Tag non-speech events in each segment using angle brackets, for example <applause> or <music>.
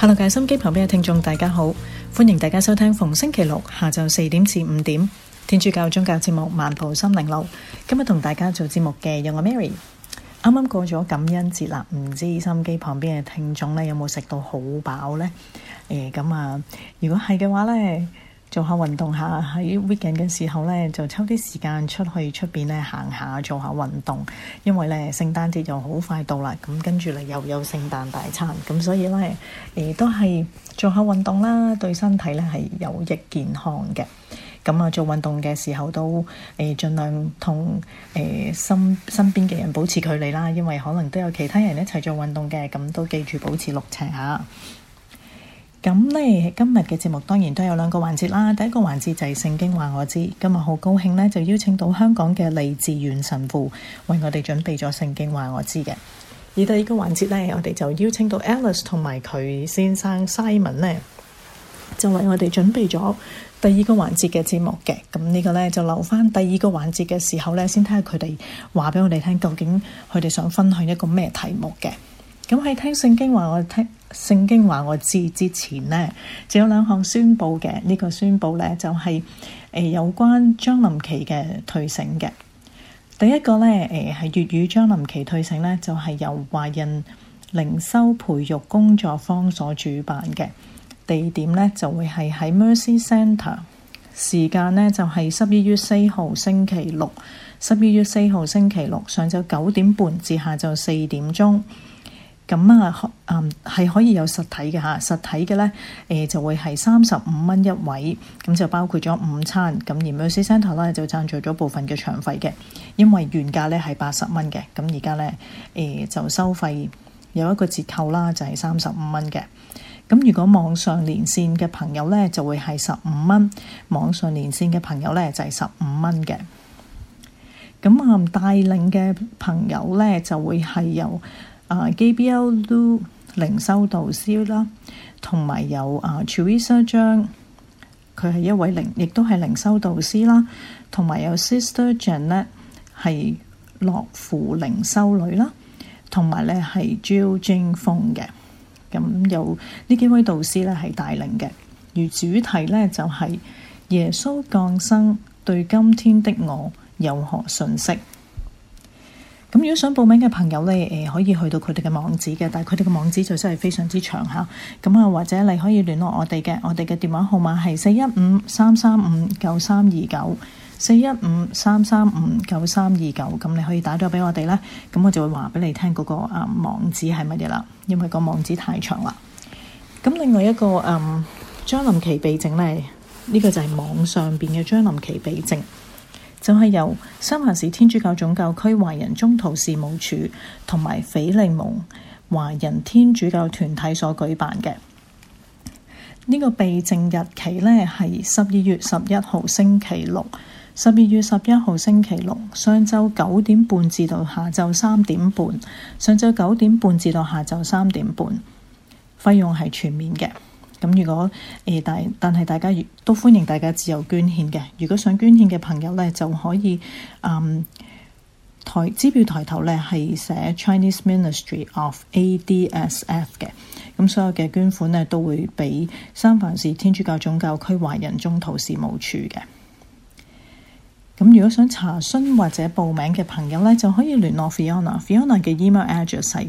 哈囉心機旁邊嘅聽眾，大家好，歡迎大家收聽逢星期六下晝四點至五點天主教宗教節目漫步心靈路。今日同大家做節目嘅有我 Mary，啱啱過咗感恩節啦，唔知心機旁邊嘅聽眾咧有冇食到好飽咧？誒、呃，咁啊，如果係嘅話咧。做下運動下喺 weekend 嘅時候咧，就抽啲時間出去出邊咧行下，做下運動。因為咧聖誕節就好快到啦，咁跟住咧又有聖誕大餐，咁所以咧誒、呃、都係做下運動啦，對身體咧係有益健康嘅。咁啊，做運動嘅時候都誒盡、呃、量同誒、呃、身身邊嘅人保持距離啦，因為可能都有其他人一齊做運動嘅，咁都記住保持六尺嚇、啊。咁呢，今日嘅節目當然都有兩個環節啦。第一個環節就係《聖經話我知》，今日好高興呢，就邀請到香港嘅利志遠神父為我哋準備咗《聖經話我知》嘅。而第二個環節呢，我哋就邀請到 Alice 同埋佢先生 Simon 呢，就為我哋準備咗第二個環節嘅節目嘅。咁呢個呢，就留翻第二個環節嘅時候呢，先睇下佢哋話俾我哋聽，究竟佢哋想分享一個咩題目嘅。咁喺聽聖經話我聽聖經話我知之前呢，就有兩項宣布嘅。呢、這個宣布呢，就係、是、誒有關張林琪嘅退省嘅。第一個呢，誒係粵語張林琪退省呢，就係、是、由華人靈修培育工作坊所主辦嘅。地點呢，就會係喺 Mercy Centre，時間呢，就係十二月四號星期六，十二月四號星期六上晝九點半至下晝四點鐘。咁啊，嗯，係可以有實體嘅嚇，實體嘅咧，誒、呃、就會係三十五蚊一位，咁就包括咗午餐。咁而 most central 咧就贊助咗部分嘅場費嘅，因為原價咧係八十蚊嘅，咁而家咧誒就收費有一個折扣啦，就係三十五蚊嘅。咁如果網上連線嘅朋友咧，就會係十五蚊；網上連線嘅朋友咧，就係十五蚊嘅。咁啊，帶領嘅朋友咧，就會係有。啊，Gabriel Lou 靈修導師啦，同埋有啊 Cheresa 張，佢、uh，係一位靈，亦都係靈修導師啦，同埋有，有 Sister Janet 係樂父靈修女啦，同埋咧係 Jo Jiong Fong 嘅，咁有呢有幾位導師咧係帶領嘅，而主題咧就係、是、耶穌降生對今天的我有何訊息。咁如果想報名嘅朋友咧，誒可以去到佢哋嘅網址嘅，但係佢哋嘅網址就真係非常之長嚇。咁啊，或者你可以聯絡我哋嘅，我哋嘅電話號碼係四一五三三五九三二九四一五三三五九三二九，咁你可以打咗俾我哋啦，咁我就會話俾你聽嗰個啊網址係乜嘢啦，因為個網址太長啦。咁另外一個嗯張林奇秘症咧，呢、這個就係網上邊嘅張林奇秘症。就係由三藩市天主教總教區華人中途事務處同埋斐利蒙華人天主教團體所舉辦嘅。呢、這個備證日期呢係十二月十一號星期六，十二月十一號星期六上晝九點半至到下晝三點半，上晝九點半至到下晝三點半，費用係全面嘅。咁如果誒，但係但係，大家亦都歡迎大家自由捐獻嘅，如果想捐獻嘅朋友咧，就可以嗯，台支票抬頭咧係寫 Chinese Ministry of ADSF 嘅，咁所有嘅捐款咧都會俾三藩市天主教總教區華人中途事務處嘅。咁如果想查詢或者報名嘅朋友咧，就可以聯絡 Fiona，Fiona 嘅 email address 係。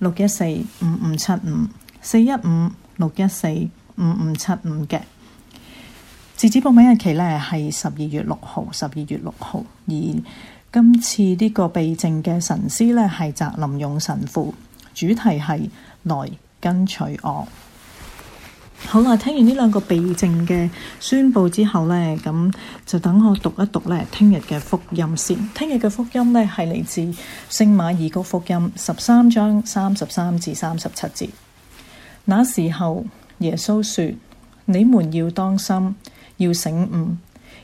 六一四五五七五四一五六一四五五七五嘅截止報名日期呢，係十二月六號，十二月六號。而今次呢個避靜嘅神師呢，係澤林勇神父，主題係來跟隨我。好啦，聽完呢兩個避靜嘅宣布之後呢，咁就等我讀一讀咧，聽日嘅福音先。聽日嘅福音呢，係嚟自聖馬爾谷福音十三章三十三至三十七節。那時候耶穌說：你們要當心，要醒悟，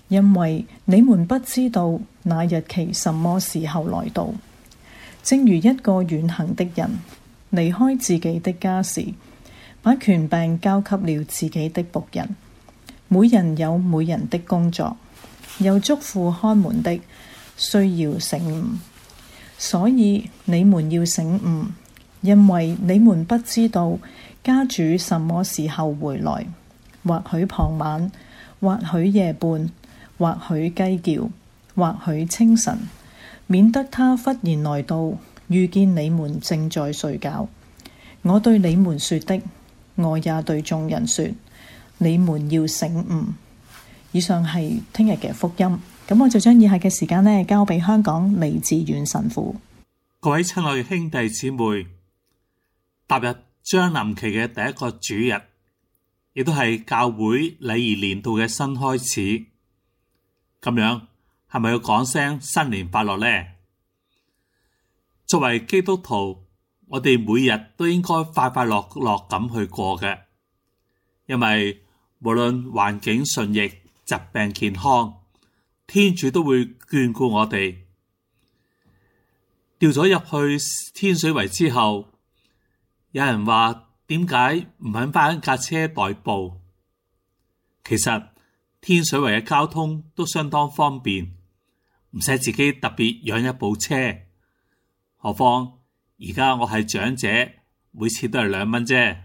因為你們不知道那日期什麼時候來到。正如一個遠行的人離開自己的家時。把權柄交給了自己的僕人，每人有每人的工作，又囑咐看門的需要醒悟，所以你們要醒悟，因為你們不知道家主什麼時候回來，或許傍晚，或許夜半，或許雞叫，或許清晨，免得他忽然來到遇見你們正在睡覺。我對你們說的。我也對眾人說：你們要醒悟。以上係聽日嘅福音，咁我就將以下嘅時間咧，交俾香港李志遠神父。各位親愛兄弟姊妹，踏入將臨期嘅第一個主日，亦都係教會禮儀年度嘅新開始。咁樣係咪要講聲新年快樂呢？作為基督徒。我哋每日都應該快快樂樂咁去過嘅，因為無論環境順逆、疾病健康，天主都會眷顧我哋。掉咗入去天水圍之後，有人話，點解唔肯翻架車代步？其實天水圍嘅交通都相當方便，唔使自己特別養一部車，何況。而家我係長者，每次都係兩蚊啫。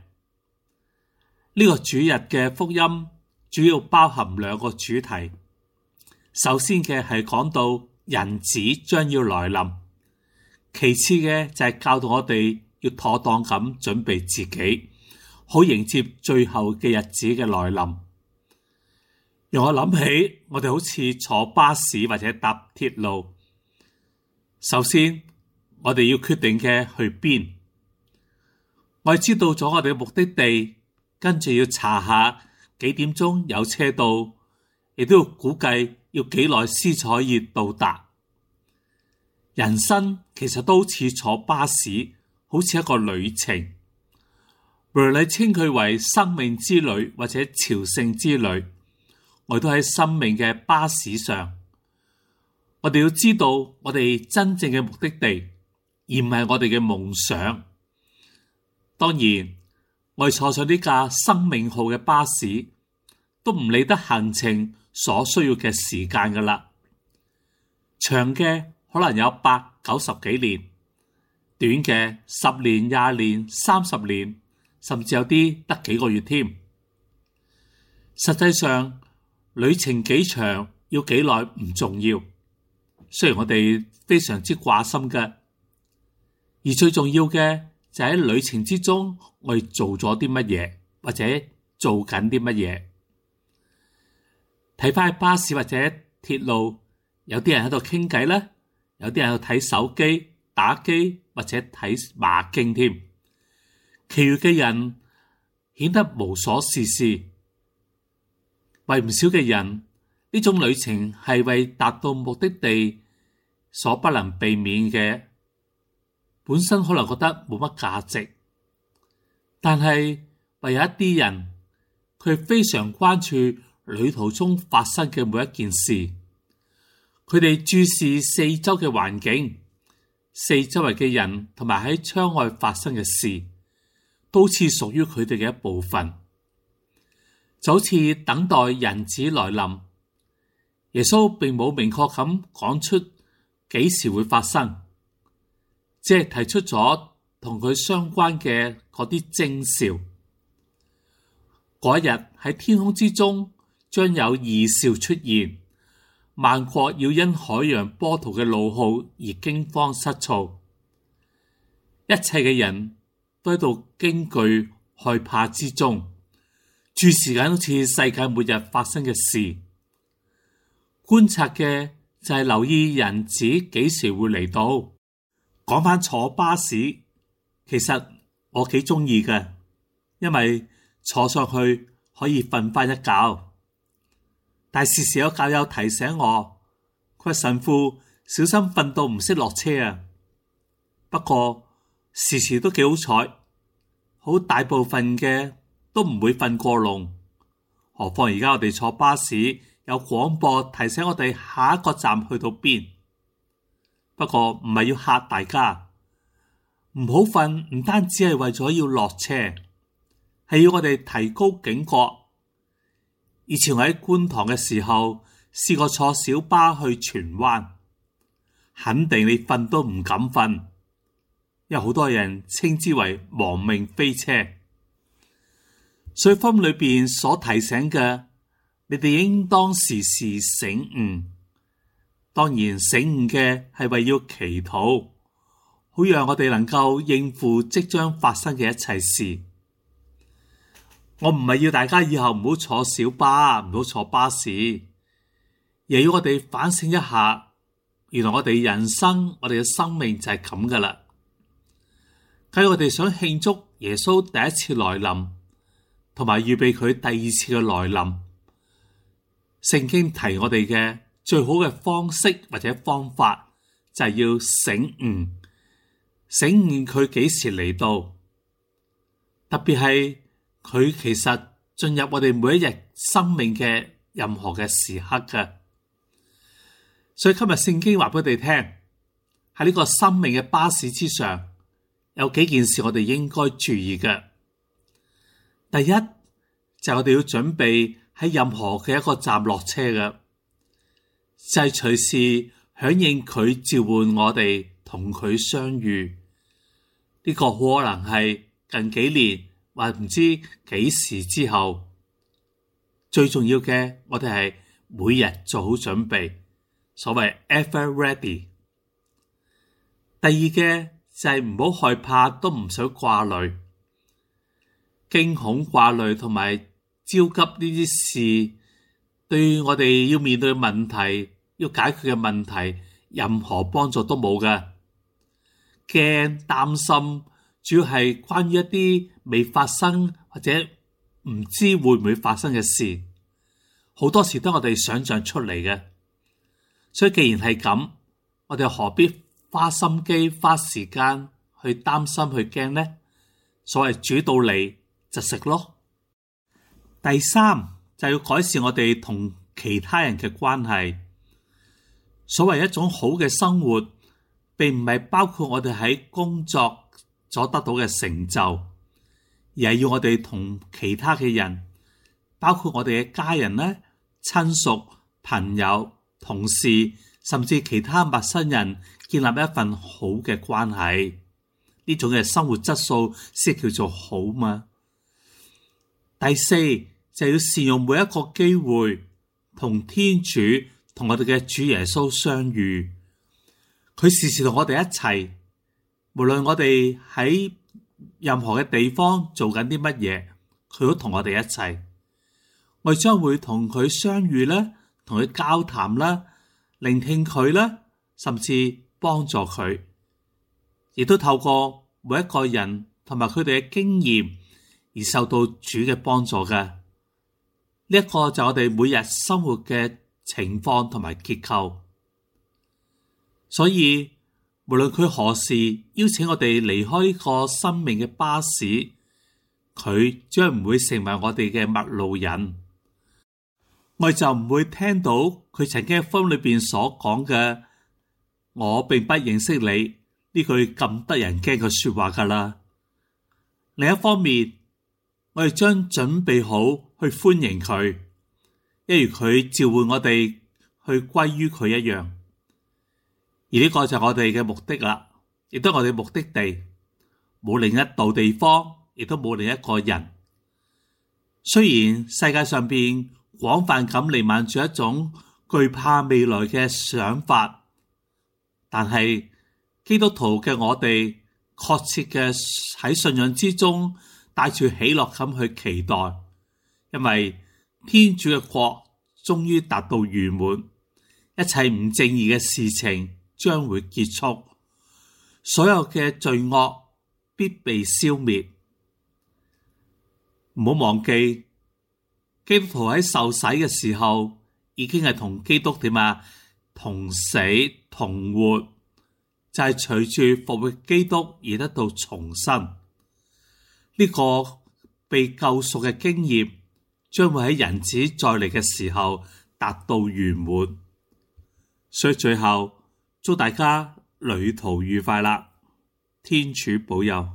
呢個主日嘅福音主要包含兩個主題。首先嘅係講到人子將要來臨，其次嘅就係教導我哋要妥當咁準備自己，好迎接最後嘅日子嘅來臨。讓我諗起我哋好似坐巴士或者搭鐵路，首先。我哋要決定嘅去邊，我哋知道咗我哋嘅目的地，跟住要查下幾點鐘有車到，亦都要估計要幾耐先可以到達。人生其實都好似坐巴士，好似一個旅程。無論你稱佢為生命之旅或者朝聖之旅，我哋都喺生命嘅巴士上。我哋要知道我哋真正嘅目的地。而唔係我哋嘅夢想。當然，我哋坐上呢架生命號嘅巴士，都唔理得行程所需要嘅時間㗎喇。長嘅可能有八九十幾年，短嘅十年、廿年、三十年，甚至有啲得幾個月添。實際上，旅程幾長要幾耐唔重要，雖然我哋非常之掛心嘅。而最重要嘅就係旅程之中，我哋做咗啲乜嘢，或者做緊啲乜嘢？睇返巴士或者鐵路，有啲人喺度傾偈啦，有啲人喺度睇手機、打機或者睇馬經添。其餘嘅人顯得無所事事。為唔少嘅人，呢種旅程係為達到目的地所不能避免嘅。本身可能覺得冇乜價值，但係，唯有一啲人，佢非常關注旅途中發生嘅每一件事。佢哋注視四周嘅環境、四周圍嘅人，同埋喺窗外發生嘅事，都似屬於佢哋嘅一部分。就好似等待人子來臨，耶穌並冇明確咁講出幾時會發生。即係提出咗同佢相關嘅嗰啲徵兆。嗰日喺天空之中將有異兆出現，萬國要因海洋波濤嘅怒號而驚慌失措，一切嘅人都喺度驚懼害怕之中，注視緊好似世界末日發生嘅事，觀察嘅就係留意人子幾時會嚟到。講翻坐巴士，其實我幾中意嘅，因為坐上去可以瞓翻一覺。但係時時有教友提醒我，佢係神父，小心瞓到唔識落車啊！不過時時都幾好彩，好大部分嘅都唔會瞓過籠。何況而家我哋坐巴士有廣播提醒我哋下一個站去到邊。不過唔係要嚇大家，唔好瞓唔單止係為咗要落車，係要我哋提高警覺。以前我喺觀塘嘅時候，試過坐小巴去荃灣，肯定你瞓都唔敢瞓。有好多人稱之為亡命飛車。所以經裏邊所提醒嘅，你哋應當時時醒悟。當然，醒悟嘅係為要祈禱，好讓我哋能夠應付即將發生嘅一切事。我唔係要大家以後唔好坐小巴，唔好坐巴士，而要我哋反省一下，原來我哋人生，我哋嘅生命就係咁噶啦。咁我哋想慶祝耶穌第一次來臨，同埋預備佢第二次嘅來臨。聖經提我哋嘅。最好嘅方式或者方法就係要醒悟，醒悟佢幾時嚟到，特別係佢其實進入我哋每一日生命嘅任何嘅時刻嘅。所以今日聖經話俾你聽，喺呢個生命嘅巴士之上，有幾件事我哋應該注意嘅。第一就係我哋要準備喺任何嘅一個站落車嘅。就係隨時響應佢召喚我，我哋同佢相遇。呢個可能係近幾年，或唔知幾時之後。最重要嘅，我哋係每日做好準備，所謂 ever ready。第二嘅就係唔好害怕，都唔想掛慮，驚恐掛慮同埋焦急呢啲事，對我哋要面對問題要解決嘅問題，任何幫助都冇嘅。驚擔心，主要係關於一啲未發生或者唔知會唔會發生嘅事，好多時都係我哋想像出嚟嘅。所以既然係咁，我哋何必花心機、花時間去擔心、去驚呢？所謂煮到你，就食咯。第三就要改善我哋同其他人嘅關係。所謂一種好嘅生活，並唔係包括我哋喺工作所得到嘅成就，而係要我哋同其他嘅人，包括我哋嘅家人咧、親屬、朋友、同事，甚至其他陌生人建立一份好嘅關係。呢種嘅生活質素先叫做好嘛？第四，就是要善用每一個機會同天主。同我哋嘅主耶穌相遇，佢時時同我哋一齊，無論我哋喺任何嘅地方做緊啲乜嘢，佢都同我哋一齊。我哋將會同佢相遇啦，同佢交談啦，聆聽佢啦，甚至幫助佢，亦都透過每一個人同埋佢哋嘅經驗而受到主嘅幫助嘅。呢一個就我哋每日生活嘅情況同埋結構，所以無論佢何時邀請我哋離開個生命嘅巴士，佢將唔會成為我哋嘅陌路人，我哋就唔會聽到佢曾經喺心裏邊所講嘅“我並不認識你”呢句咁得人驚嘅說話噶啦。另一方面，我哋將準備好去歡迎佢。一如佢召喚我哋去歸於佢一樣，而呢個就係我哋嘅目的啦，亦都係我哋目的地，冇另一度地方，亦都冇另一個人。雖然世界上邊廣泛咁彌漫住一種懼怕未來嘅想法，但係基督徒嘅我哋確切嘅喺信仰之中帶住喜樂咁去期待，因為。天主嘅國終於達到圓滿，一切唔正義嘅事情將會結束，所有嘅罪惡必被消滅。唔好忘記，基督徒喺受洗嘅時候已經係同基督點啊？同死同活，就係、是、隨住服侍基督而得到重生。呢、這個被救贖嘅經驗。將會喺人子再嚟嘅時候達到圓滿。所以最後祝大家旅途愉快啦，天主保佑。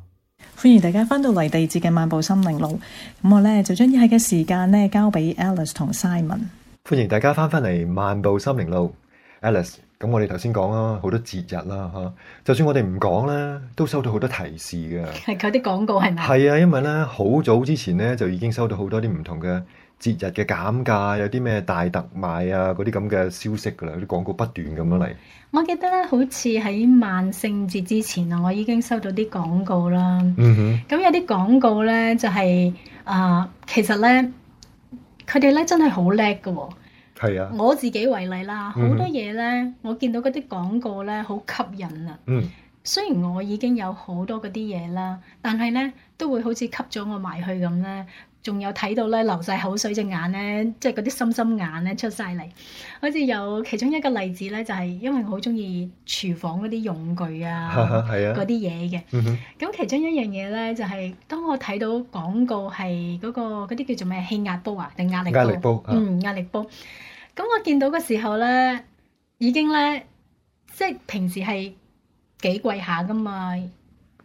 歡迎大家翻到嚟地節嘅漫步心靈路，咁我咧就將以下嘅時間咧交俾 Alice 同 Simon。歡迎大家翻返嚟漫步心靈路，Alice。咁我哋頭先講啦，好多節日啦，嚇！就算我哋唔講啦，都收到好多提示嘅。係，佢啲廣告係咪？係啊，因為咧，好早之前咧，就已經收到好多啲唔同嘅節日嘅減價，有啲咩大特賣啊，嗰啲咁嘅消息噶啦，啲廣告不斷咁樣嚟。我記得咧，好似喺萬聖節之前啊，我已經收到啲廣告啦。嗯哼。咁有啲廣告咧，就係、是、啊、呃，其實咧，佢哋咧真係好叻嘅喎。係啊！我自己為例啦，好多嘢咧，我見到嗰啲廣告咧，好吸引啊！ <music> 雖然我已經有好多嗰啲嘢啦，但係咧都會好似吸咗我埋去咁咧。仲有睇到咧流晒口水隻眼咧，即係嗰啲心心眼咧出晒嚟。好似有其中一個例子咧，就係因為我好中意廚房嗰啲用具啊，嗰啲嘢嘅。咁其中一樣嘢咧，就係當我睇到廣告係嗰個嗰啲叫做咩氣壓煲啊，定壓力？壓力煲。嗯，壓力煲。啊 <music> 咁我見到嘅時候咧，已經咧，即係平時係幾貴下噶嘛，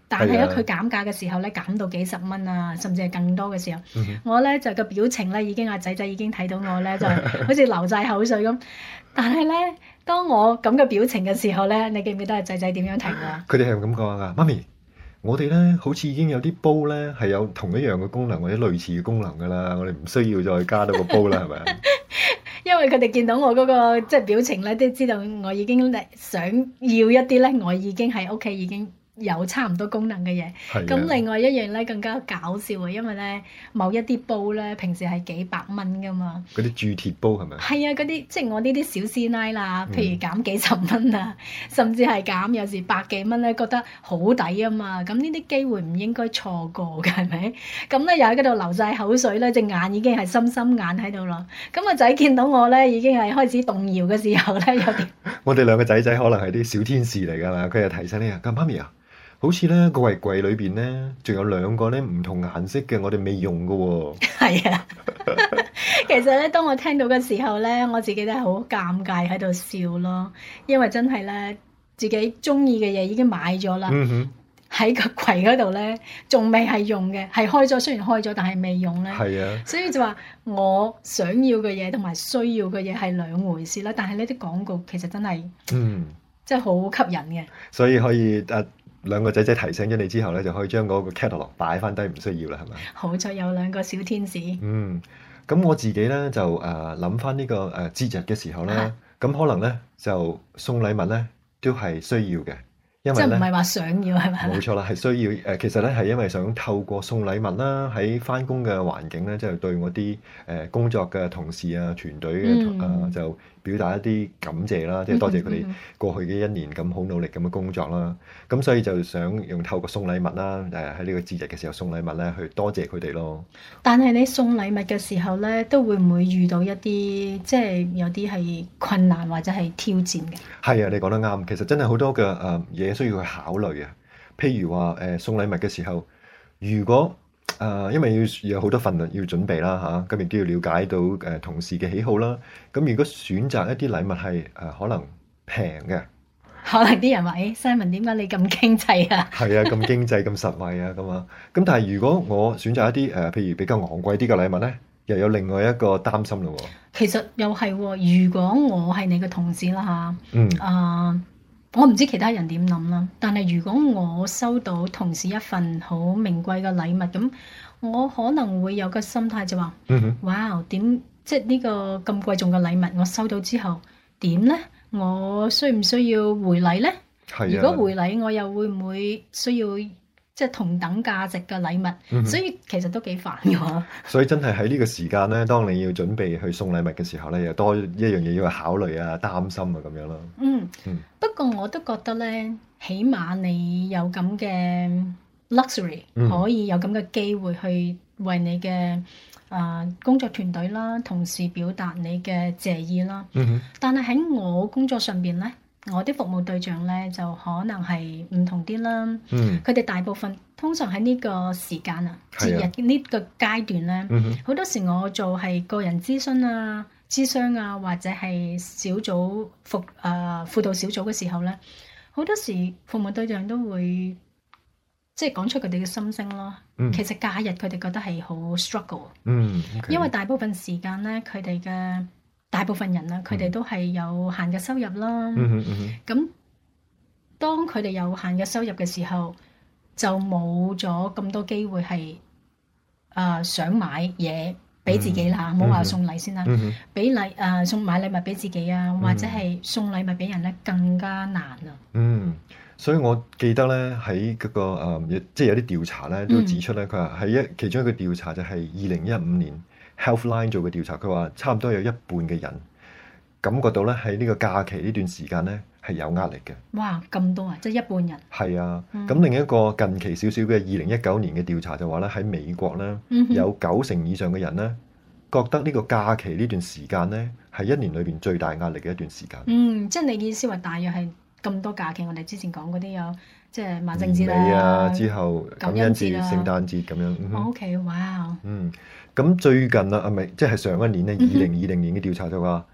但係咧佢減價嘅時候咧，減到幾十蚊啊，甚至係更多嘅時候，我咧就個表情咧已經阿仔仔已經睇到我咧，就好似流曬口水咁。 <laughs> 但係咧，當我咁嘅表情嘅時候咧，你記唔記得阿仔仔點樣停啊？佢哋係咁講呀，媽咪，我哋咧好似已經有啲煲咧係有同一樣嘅功能或者類似嘅功能噶啦，我哋唔需要再加到個煲啦，係咪？ <laughs> 因為佢哋見到我嗰、那個即係、就是、表情咧，都知道我已經嚟想要一啲咧，我已經喺屋企已經。有差唔多功能嘅嘢，咁的另外一樣咧更加搞笑啊！因為咧某一啲煲咧，平時係幾百蚊噶嘛，嗰啲鑄鐵煲係咪啊？係啊，嗰啲即係我呢啲小師奶啦，譬如減幾十蚊啊，嗯、甚至係減有時百幾蚊咧，覺得好抵啊嘛！咁呢啲機會唔應該錯過㗎，係咪？咁咧又喺嗰度流晒口水咧，隻眼已經係深深眼喺度咯。咁個仔見到我咧，已經係開始動搖嘅時候咧，有啲 <laughs> 我哋兩個仔仔可能係啲小天使嚟㗎啦，佢又提醒你呀，佢媽咪啊！好似呢個櫃櫃裏邊呢，仲有兩個呢唔同顏色嘅，我哋未用嘅喎、哦。係是啊， <laughs> 其實呢，當我聽到嘅時候呢，我自己都係好尷尬喺度笑咯，因為真係呢，自己中意嘅嘢已經買咗啦，喺、嗯、哼個櫃嗰度呢，仲未係用嘅，係開咗，雖然開咗，但係未用呢。係啊，所以就話我想要嘅嘢同埋需要嘅嘢係兩回事啦。但係呢啲廣告其實真係，嗯，嗯，真係好吸引嘅。所以可以、啊兩個仔仔提醒咗你之後咧，就可以將嗰個 catalog 擺翻低，唔需要啦，係咪？好彩有兩個小天使。嗯，咁我自己咧就誒諗翻呢個誒節日嘅時候啦。咁、啊、可能咧就送禮物咧都係需要嘅，因為即唔係話想要係咪？冇錯啦，係需要誒、呃。其實咧係因為想透過送禮物啦，喺翻工嘅環境咧，即、就、係、是、對我啲誒工作嘅同事啊、團隊嘅、嗯啊、就。表達一啲感謝啦，即係多謝佢哋過去嘅一年咁好努力咁嘅工作啦。咁所以就想用透過送禮物啦，誒喺呢個節日嘅時候送禮物咧，去多謝佢哋咯。但係你送禮物嘅時候咧，都會唔會遇到一啲即係有啲係困難或者係挑戰嘅？係啊，你講得啱。其實真係好多嘅誒嘢需要去考慮啊。譬如話誒、呃、送禮物嘅時候，如果誒，因為要有好多份量要準備啦嚇，咁、啊、亦都要了解到誒、呃、同事嘅喜好啦。咁、嗯、如果選擇一啲禮物係誒可能平嘅，可能啲人話：誒、欸、Simon 點解你咁經濟啊？係 <laughs> 啊，咁經濟咁實惠啊，咁啊。咁但係如果我選擇一啲誒、呃，譬如比較昂貴啲嘅禮物咧，又有另外一個擔心嘞喎、啊。其實又係喎、哦，如果我係你嘅同事啦嚇，嗯啊。嗯我唔知其他人點諗啦，但係如果我收到同事一份好名貴嘅禮物，咁我可能會有個心態就話：哇、嗯哼，點、wow，即係呢個咁貴重嘅禮物，我收到之後點呢？我需唔需要回禮呢？啊、如果回禮，我又會唔會需要？即係同等價值嘅禮物，嗯、哼所以其實都幾煩嘅。所以真係喺呢個時間咧，當你要準備去送禮物嘅時候咧，又多一樣嘢要去考慮啊、嗯、擔心啊咁樣咯。嗯，嗯不過我都覺得咧，起碼你有咁嘅 luxury，可以有咁嘅機會去為你嘅啊、嗯哼呃、工作團隊啦、同事表達你嘅謝意啦。嗯哼。但係喺我工作上邊咧。我啲服務對象咧就可能係唔同啲啦，佢哋、嗯、大部分通常喺呢個時間啊，節日呢個階段咧，好、嗯、哼多時我做係個人諮詢啊、諮詢啊或者係小組服啊呃、輔導小組嘅時候咧，好多時服務對象都會即係講出佢哋嘅心聲咯。嗯、其實假日佢哋覺得係好 struggle，、嗯 okay。因為大部分時間咧佢哋嘅。大部分人啦，佢哋都係有限嘅收入啦。咁、mm hmm, mm hmm. 當佢哋有限嘅收入嘅時候，就冇咗咁多機會係啊、呃、想買嘢俾自己啦。唔好話送禮先啦，俾禮啊送買禮物俾自己啊，mm hmm. 或者係送禮物俾人咧，更加難啊。嗯，所以我記得咧喺嗰個啊、呃，即係有啲調查咧都指出咧，佢話喺一其中一個調查就係二零一五年。Healthline 做嘅調查，佢話差唔多有一半嘅人感覺到咧喺呢個假期呢段時間咧係有壓力嘅。哇，咁多啊！即、就、係、是、一半人。係啊，咁、嗯、另一個近期少少嘅二零一九年嘅調查就話咧喺美國咧，有九成以上嘅人咧、嗯、哼覺得呢個假期呢段時間咧係一年裏邊最大壓力嘅一段時間。嗯，即係你意思話大約係咁多假期？我哋之前講嗰啲有即係萬聖節啦、啊。啊，之後感恩節，感恩節、啊、聖誕節咁樣。O K，哇！Oh, okay . wow. 嗯。咁最近啊，係咪即係上一年咧？二零二零年嘅調查就話，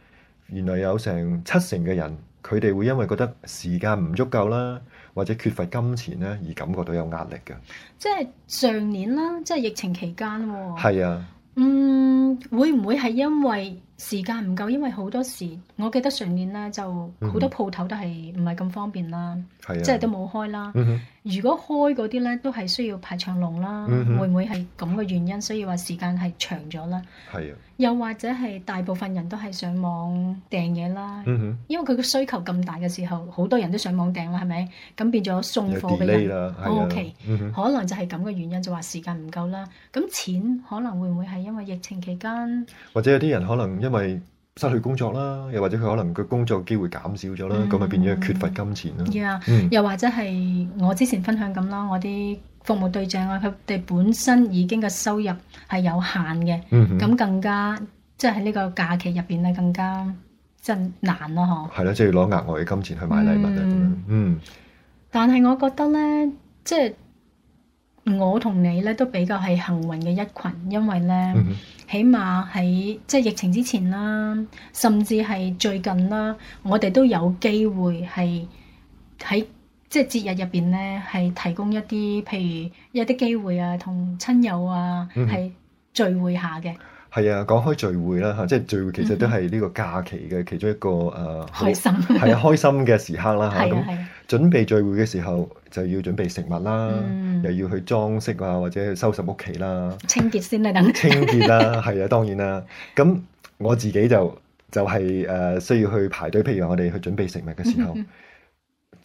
原來有成七成嘅人，佢哋會因為覺得時間唔足夠啦，或者缺乏金錢咧，而感覺到有壓力嘅。即係上年啦，即係疫情期間喎。係啊，嗯，會唔會係因為？時間唔夠，因為好多時，我記得上年咧就好多鋪頭都係唔係咁方便啦，啊、即係都冇開啦。嗯、哼如果開嗰啲呢，都係需要排長龍啦。嗯、哼會唔會係咁嘅原因，所以話時間係長咗啦？啊、又或者係大部分人都係上網訂嘢啦，嗯、哼因為佢個需求咁大嘅時候，好多人都上網訂啦，係咪？咁變咗送貨嘅人，O K，可能就係咁嘅原因，就話時間唔夠啦。咁錢可能會唔會係因為疫情期間，或者有啲人可能因為失去工作啦，又或者佢可能個工作機會減少咗啦，咁咪、嗯、變咗缺乏金錢啦。Yeah, 嗯，又或者係我之前分享咁咯，我啲服務對象啊，佢哋本身已經嘅收入係有限嘅，咁、嗯、哼更加即係喺呢個假期入邊咧更加真、就是、難咯，嗬。係咯，即係攞額外嘅金錢去買禮物啊咁、嗯、樣。嗯，但係我覺得呢，即係。我同你咧都比較係幸運嘅一群，因為咧，mm hmm. 起碼喺即係疫情之前啦，甚至係最近啦，我哋都有機會係喺即係節日入邊咧，係提供一啲譬如一啲機會啊，同親友啊係、mm hmm. 聚會下嘅。係啊，講開聚會啦嚇，即係聚會其實都係呢個假期嘅其中一個誒，係、嗯呃、開心嘅時刻啦嚇。咁、 <laughs> 啊嗯、準備聚會嘅時候就要準備食物啦，嗯、又要去裝飾啊，或者去收拾屋企啦。清潔先啦，等 <laughs> 清潔啦，係啊，當然啦。咁我自己就就係、係、誒需要去排隊，譬如我哋去準備食物嘅時候。嗯嗯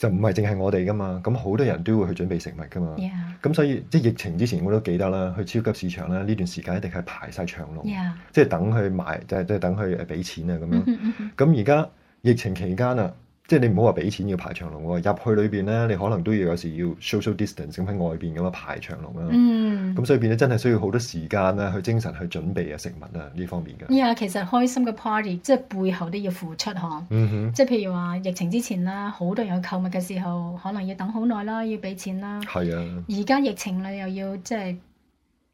就唔係淨係我哋噶嘛，咁好多人都會去準備食物噶嘛，咁 Yeah. 所以即係疫情之前我都記得啦，去超級市場咧呢段時間一定係排晒長龍，Yeah. 即係等佢買，即係即係等去畀錢啊咁樣。咁而家疫情期間啊。即係你唔好話俾錢要排長龍喎，入去裏邊咧，你可能都要有時要 social distance 喺外邊咁啊排長龍啊，咁、嗯、所以變咗真係需要好多時間啦、去精神去準備啊、食物啊呢方面嘅。依家，其實開心嘅 party 即係背後都要付出呵，嗯、哼即係譬如話疫情之前啦，好多人有購物嘅時候可能要等好耐啦，要俾錢啦。係啊。而家疫情你又要即係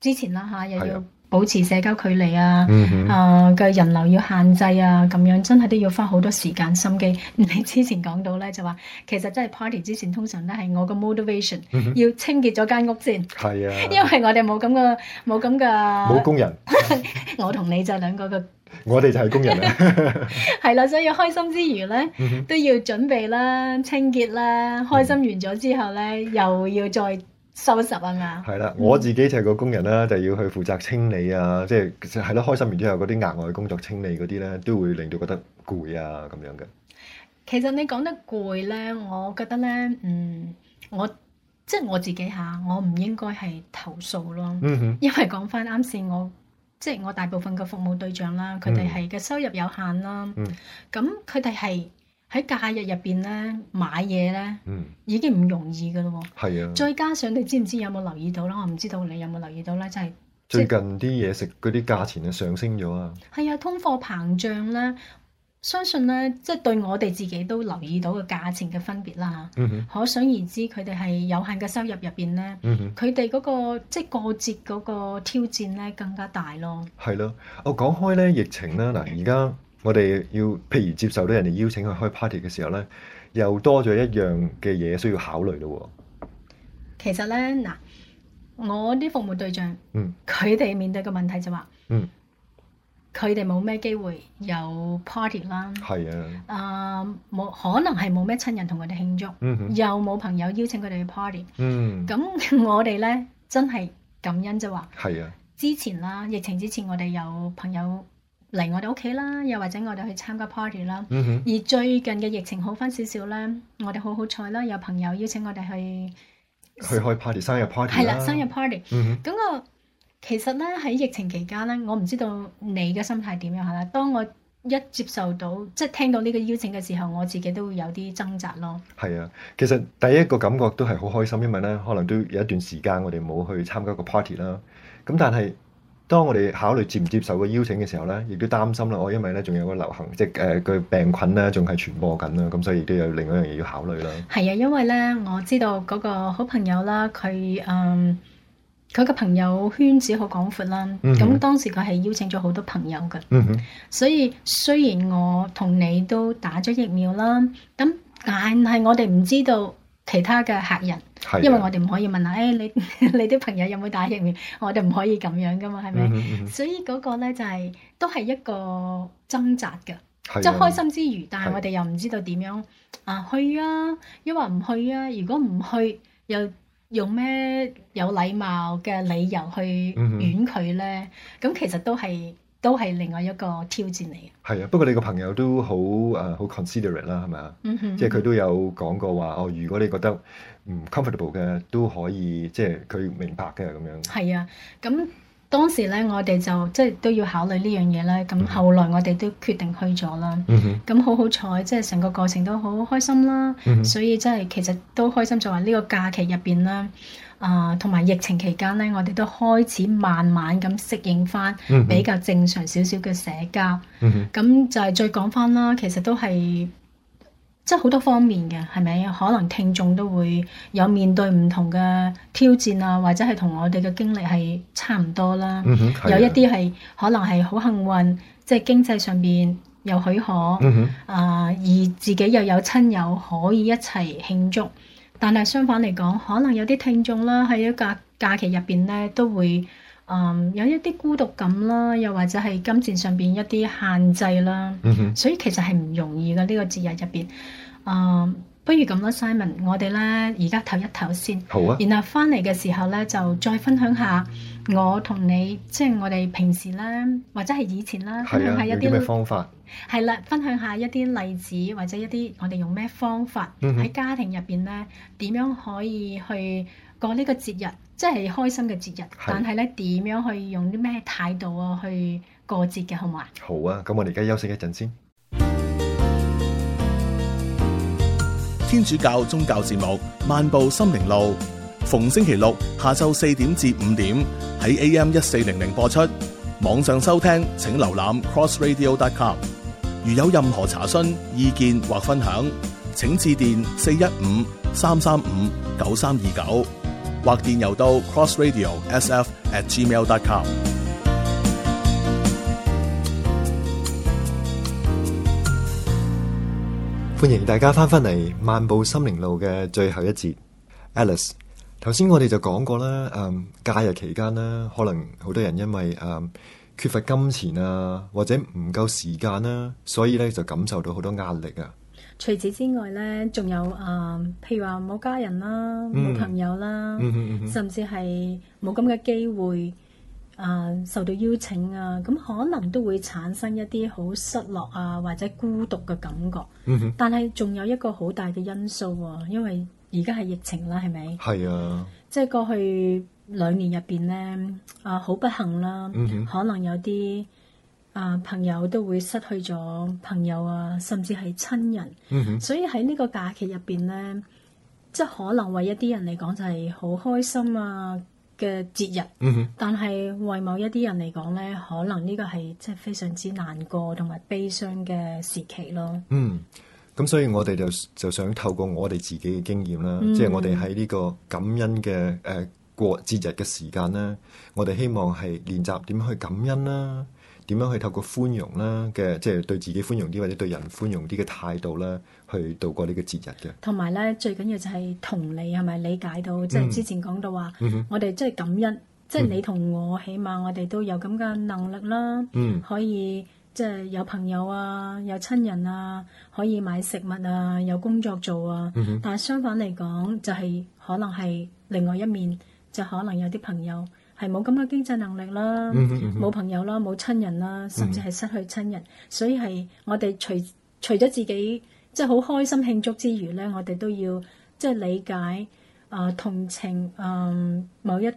之前啦吓又要。保持社交距離啊，啊嘅人流要限制啊，咁樣真係都要花好多時間心機。你之前講到咧就話，其實真係 party 之前通常咧係我嘅 motivation，要清潔咗間屋先。係啊，因為我哋冇咁嘅冇咁嘅冇工人，我同你就兩個嘅，我哋就係工人啦。係啦，所以開心之餘咧都要準備啦、清潔啦，開心完咗之後咧又要再。收拾係咪啊？係啦，我自己就係個工人啦，嗯、就要去負責清理啊，即係係咯，開心完之後嗰啲額外工作清理嗰啲咧，都會令到覺得攰啊咁樣嘅。其實你講得攰咧，我覺得咧，嗯，我即係、就是、我自己嚇，我唔應該係投訴咯。嗯哼。因為講翻啱先，我即係、就是、我大部分嘅服務對象啦，佢哋係嘅收入有限啦。嗯。咁佢哋係。喺假日入邊咧買嘢咧，嗯、已經唔容易嘅咯喎。係啊！再加上你知唔知有冇留意到啦？我唔知道你有冇留意到咧，就係、係、最近啲嘢食嗰啲價錢啊上升咗啊！係啊，通貨膨脹咧，相信咧即係對我哋自己都留意到嘅價錢嘅分別啦嚇。可、嗯、哼想而知佢哋係有限嘅收入入邊咧，佢哋嗰個即係過節嗰個挑戰咧更加大咯。係咯、啊，我、哦、講開咧疫情啦，嗱、嗯，而家。我哋要譬如接受到人哋邀請去開 party 嘅時候咧，又多咗一樣嘅嘢需要考慮咯、哦。其實咧，嗱，我啲服務對象，嗯，佢哋面對嘅問題就話、是，嗯，佢哋冇咩機會有 party 啦，係啊，啊、呃，冇可能係冇咩親人同佢哋慶祝，嗯哼，又冇朋友邀請佢哋去 party，嗯，咁我哋咧真係感恩就話、是，係啊，之前啦，疫情之前，之前我哋有朋友。嚟我哋屋企啦，又或者我哋去參加 party 啦。嗯、哼而最近嘅疫情好翻少少咧，我哋好好彩啦，有朋友邀請我哋去去開 party，生 party、生日 party。係啦、嗯哼，生日 party。咁我其實呢，喺疫情期間呢，我唔知道你嘅心態點樣啦。當我一接受到即係聽到呢個邀請嘅時候，我自己都會有啲掙扎咯。係啊，其實第一個感覺都係好開心，因為呢，可能都有一段時間我哋冇去參加個 party 啦。咁但係。當我哋考慮接唔接受個邀請嘅時候咧，亦都擔心啦。我因為咧仲有個流行，即係誒個病菌咧仲係傳播緊啦，咁、嗯、所以亦都有另外一樣嘢要考慮啦。係啊，因為咧我知道嗰個好朋友啦，佢誒佢個朋友圈子好廣闊啦。咁當時佢係邀請咗好多朋友嘅，嗯哼。所以雖然我同你都打咗疫苗啦，咁但係我哋唔知道其他嘅客人。因為我哋唔可以問下，誒、哎、你你啲朋友有冇打疫苗？我哋唔可以咁樣噶嘛，係咪？Mm hmm. 所以嗰個咧就係、是、都係一個掙扎嘅，即係、mm hmm. 開心之餘，但係我哋又唔知道點樣、mm hmm. 啊去啊，一話唔去啊。如果唔去，又用咩有禮貌嘅理由去婉拒咧？咁、mm hmm. 其實都係都係另外一個挑戰嚟嘅。係啊，不過你個朋友都好誒，好、uh, considerate 啦，係咪啊？即係佢都有講過話，哦，如果你覺得。唔 comfortable 嘅都可以，即係佢明白嘅咁樣。係啊，咁當時咧，我哋就即係都要考慮呢樣嘢啦。咁後來我哋都決定去咗啦。咁好好彩，即係成個過程都好開心啦。Mm hmm. 所以真係其實都開心就話呢個假期入邊啦。啊、呃，同埋疫情期間咧，我哋都開始慢慢咁適應翻比較正常少少嘅社交。咁、mm hmm. 就係再講翻啦，其實都係。即係好多方面嘅，係咪？可能聽眾都會有面對唔同嘅挑戰啊，或者係同我哋嘅經歷係差唔多啦。嗯、有一啲係可能係好幸運，即係經濟上邊又許可，啊、嗯哼呃，而自己又有親友可以一齊慶祝。但係相反嚟講，可能有啲聽眾啦，喺一個假期入邊咧都會。嗯，um, 有一啲孤獨感啦，又或者係金錢上邊一啲限制啦，mm hmm. 所以其實係唔容易嘅、呢個 uh, 呢個節日入邊。啊，不如咁啦，Simon，我哋咧而家唞一唞先，然後翻嚟嘅時候咧就再分享下我同你，即、就、係、係、我哋平時咧或者係以前啦，分享下一啲方法，係啦、mm，分享下一啲例子或者一啲我哋用咩方法喺家庭入邊咧點樣可以去。過呢個節日，即係開心嘅節日。是但係咧，點樣去用啲咩態度啊去過節嘅，好唔好，好啊？好啊，咁我哋而家休息一陣先。天主教宗教節目《漫步心靈路》，逢星期六下晝四點至五點喺 AM 一四零零播出。網上收聽請瀏覽 crossradio.com。如有任何查詢、意見或分享，請致電四一五三三五九三二九。或電郵到 crossradio_sf@gmail.com，歡迎大家翻返嚟《漫步心靈路》嘅最後一節。Alice，頭先我哋就講過啦，嗯，假日期間啦，可能好多人因為嗯缺乏金錢啊，或者唔夠時間啦，所以咧就感受到好多壓力啊。除此之外咧，仲有誒、呃，譬如話冇家人啦，冇、嗯、朋友啦，嗯、哼哼，甚至係冇咁嘅機會誒、呃、受到邀請啊，咁可能都會產生一啲好失落啊，或者孤獨嘅感覺。嗯、哼但係仲有一個好大嘅因素喎、啊，因為而家係疫情啦，係咪？係啊。即係過去兩年入邊咧，啊、呃、好不幸啦，嗯、哼可能有啲。啊！朋友都會失去咗朋友啊，甚至係親人，嗯、哼所以喺呢個假期入邊呢，即係可能為一啲人嚟講就係好開心啊嘅節日，嗯、哼但係為某一啲人嚟講呢，可能呢個係即係非常之難過同埋悲傷嘅時期咯。嗯，咁所以我哋就就想透過我哋自己嘅經驗啦，即係、嗯、哼我哋喺呢個感恩嘅誒過節日嘅時間咧，我哋希望係練習點去感恩啦。點樣去透過寬容啦嘅，即、就、係、是、對自己寬容啲或者對人寬容啲嘅態度啦，去度過呢個節日嘅。同埋咧，最緊要就係同理，係咪理解到？即係、嗯、之前講到話，嗯、哼我哋即係感恩，即、就、係、是、你同我，起碼我哋都有咁嘅能力啦，嗯、可以即係、就是、有朋友啊，有親人啊，可以買食物啊，有工作做啊。嗯、哼但係相反嚟講，就係、是、可能係另外一面，就可能有啲朋友。係冇咁嘅經濟能力啦，冇、mm hmm. 朋友啦，冇親人啦，甚至係失去親人，mm hmm. 所以係我哋除除咗自己即係好開心慶祝之餘咧，我哋都要即係、就是、理解啊、呃、同情啊、呃、某一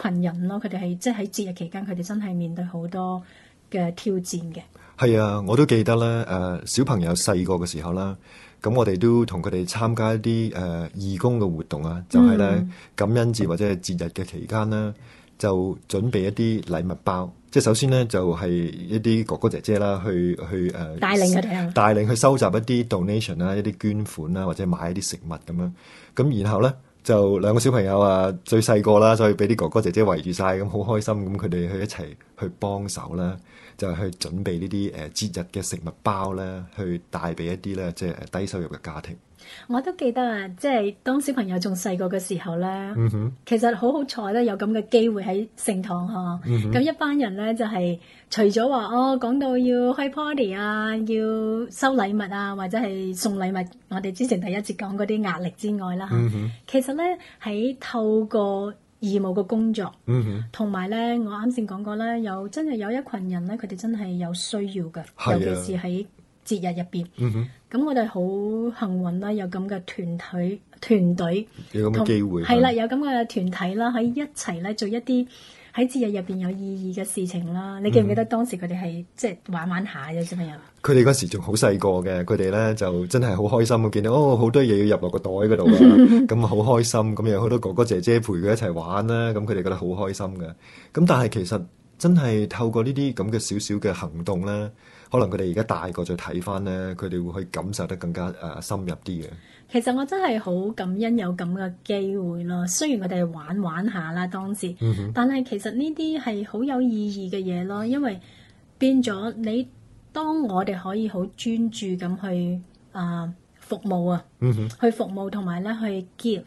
群人咯，佢哋係即係喺節日期間佢哋真係面對好多嘅挑戰嘅。係啊，我都記得咧誒、呃，小朋友細個嘅時候啦，咁我哋都同佢哋參加一啲誒、呃、義工嘅活動啊，就係、是、咧感恩節或者係節日嘅期間啦。Mm hmm. 就準備一啲禮物包，即係首先呢，就係一啲哥哥姐姐啦，去去誒帶領佢哋啊，帶領去收集一啲 donation 啊，一啲捐款啦，或者買一啲食物咁樣。咁然後呢，就兩個小朋友啊，最細個啦，所以俾啲哥哥姐姐圍住晒，咁，好開心咁。佢哋去一齊去幫手啦，就去準備呢啲誒節日嘅食物包啦，去帶俾一啲咧即係低收入嘅家庭。我都記得啊，即係當小朋友仲細個嘅時候咧，mm hmm. 其實好好彩咧，有咁嘅機會喺聖堂呵、啊。咁、mm hmm. 一班人咧就係、是、除咗話哦，講到要開 party 啊，要收禮物啊，或者係送禮物，我哋之前第一節講嗰啲壓力之外啦嚇。Mm hmm. 其實咧喺透過義務嘅工作，同埋咧我啱先講過咧，有真係有一群人咧，佢哋真係有需要嘅，的尤其是喺，節日入邊，咁、嗯、哼我哋好幸運啦，有咁嘅團隊團隊，有咁嘅機會，係啦，有咁嘅團隊啦，可以一齊咧做一啲喺節日入邊有意義嘅事情啦。你記唔記得當時佢哋係即係玩玩下嘅啫嘛？又佢哋嗰時仲好細個嘅，佢哋咧就真係好開心。我見到哦，好多嘢要入落個袋嗰度，咁好 <laughs> 開心。咁有好多哥哥姐姐陪佢一齊玩啦，咁佢哋覺得好開心嘅。咁但係其實真係透過呢啲咁嘅小小嘅行動咧。可能佢哋而家大個再睇翻咧，佢哋會去感受得更加誒、呃、深入啲嘅。其實我真係好感恩有咁嘅機會咯。雖然佢哋玩玩下啦當時，嗯、哼但係其實呢啲係好有意義嘅嘢咯。因為變咗你，當我哋可以好專注咁去誒、呃、服務啊，嗯、哼去服務同埋咧去 give。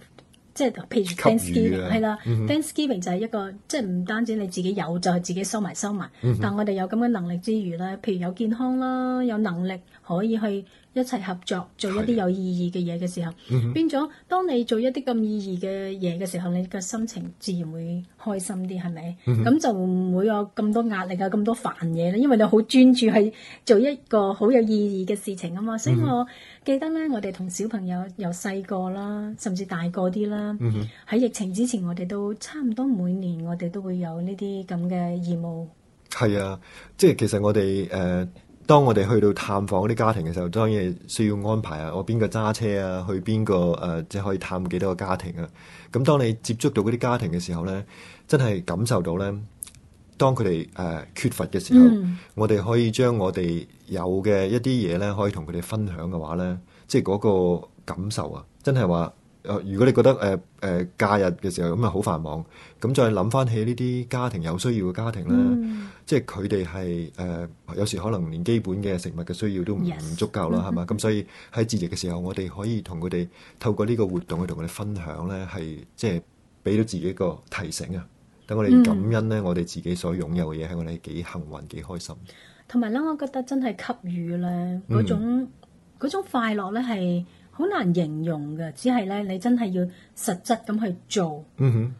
即係譬如 Thanksgiving 係啦，Thanksgiving 就係一個即係唔單止你自己有，就係、是、自己收埋收埋。Mm hmm. 但我哋有咁嘅能力之餘咧，譬如有健康啦，有能力可以去一齊合作做一啲有意義嘅嘢嘅時候，mm hmm. 變咗當你做一啲咁意義嘅嘢嘅時候，你嘅心情自然會開心啲，係咪？咁、mm hmm. 就唔會有咁多壓力啊，咁多煩嘢啦，因為你好專注去做一個好有意義嘅事情啊嘛，所以我。Mm hmm. 記得咧，我哋同小朋友由細個啦，甚至大個啲啦，嗯哼，喺疫情之前，我哋都差唔多每年我哋都會有呢啲咁嘅義務。係啊，即係其實我哋誒、呃，當我哋去到探訪嗰啲家庭嘅時候，當然係需要安排啊，我邊個揸車啊，去邊個誒、即、呃、係可以探幾多個家庭啊。咁當你接觸到嗰啲家庭嘅時候咧，真係感受到咧。當佢哋誒缺乏嘅時候，mm. 我哋可以將我哋有嘅一啲嘢呢，可以同佢哋分享嘅話呢，即係嗰個感受啊！真係話誒，如果你覺得誒誒、呃呃、假日嘅時候咁啊好繁忙，咁再諗翻起呢啲家庭有需要嘅家庭呢，mm. 即係佢哋係誒有時可能連基本嘅食物嘅需要都唔足夠啦，係嘛、yes. mm？咁、hmm. 所以喺節日嘅時候，我哋可以同佢哋透過呢個活動去同佢哋分享呢，係即係俾到自己一個提醒啊！等我哋感恩咧，嗯、我哋自己所擁有嘅嘢，喺、嗯、我哋幾幸運、幾開心。同埋咧，我覺得真係給予咧，嗰、嗯、種嗰種快樂咧，係好難形容嘅。只係咧，你真係要實質咁去做。嗯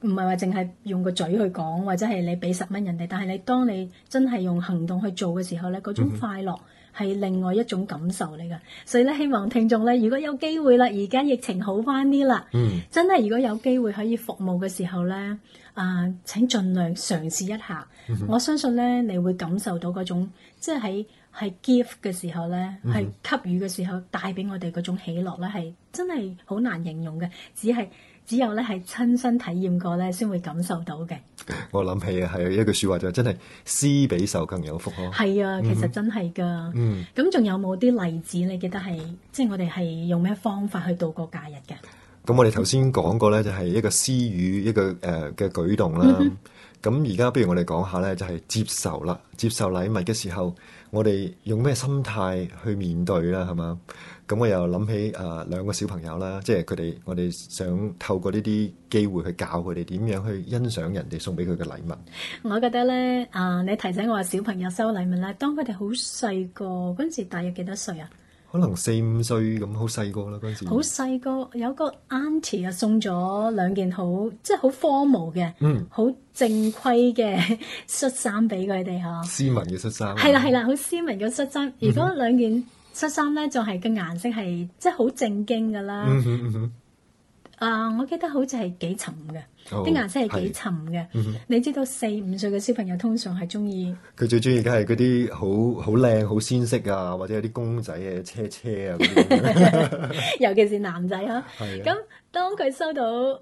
哼，唔係話淨係用個嘴去講，或者係你俾十蚊人哋。但係你當你真係用行動去做嘅時候咧，嗰種快樂係另外一種感受嚟噶。嗯、哼所以咧，希望聽眾咧，如果有機會啦，而家疫情好翻啲啦，嗯，真係如果有機會可以服務嘅時候咧。啊、呃！請盡量嘗試一下，mm hmm. 我相信咧，你會感受到嗰種，即係喺係 give 嘅時候咧，係給予嘅時候帶俾我哋嗰種喜樂咧，係真係好難形容嘅，只係只有咧係親身體驗過咧，先會感受到嘅。我諗起係有一句説話就真係，施比受更有福咯。係啊，其實真係㗎。咁仲，mm hmm. 有冇啲例子？你記得係即係我哋係用咩方法去度過假日嘅？咁我哋頭先講過咧，就係一個私語，一個誒嘅、呃、舉動啦。咁而家不如我哋講下咧，就係接受啦。接受禮物嘅時候，我哋用咩心態去面對啦？係嘛？咁我又諗起誒兩、呃、個小朋友啦，即係佢哋，我哋想透過呢啲機會去教佢哋點樣去欣賞人哋送俾佢嘅禮物。我覺得咧，啊、呃，你提醒我話小朋友收禮物咧，當佢哋好細個嗰陣時，大約幾多歲啊？可能四五歲咁，好細個啦嗰陣時。好細個， <noise> 有個 Auntie 啊，送咗兩件好，即係好 formal 嘅，嗯，好正規嘅恤衫俾佢哋嗬。斯文嘅恤衫。係啦係啦，好斯文嘅恤衫。如果兩件恤衫咧，就係個顏色係，即係好正經噶啦。嗯嗯嗯。啊！我記得好似係幾沉嘅，啲顏、oh，色係幾沉嘅。是你知道四五歲嘅小朋友通常係中意佢最中意嘅係嗰啲好好靚好鮮色啊，或者有啲公仔嘅車車啊 <laughs> <laughs> 尤其是男仔吓。咁、 <laughs> 啊、當佢收到。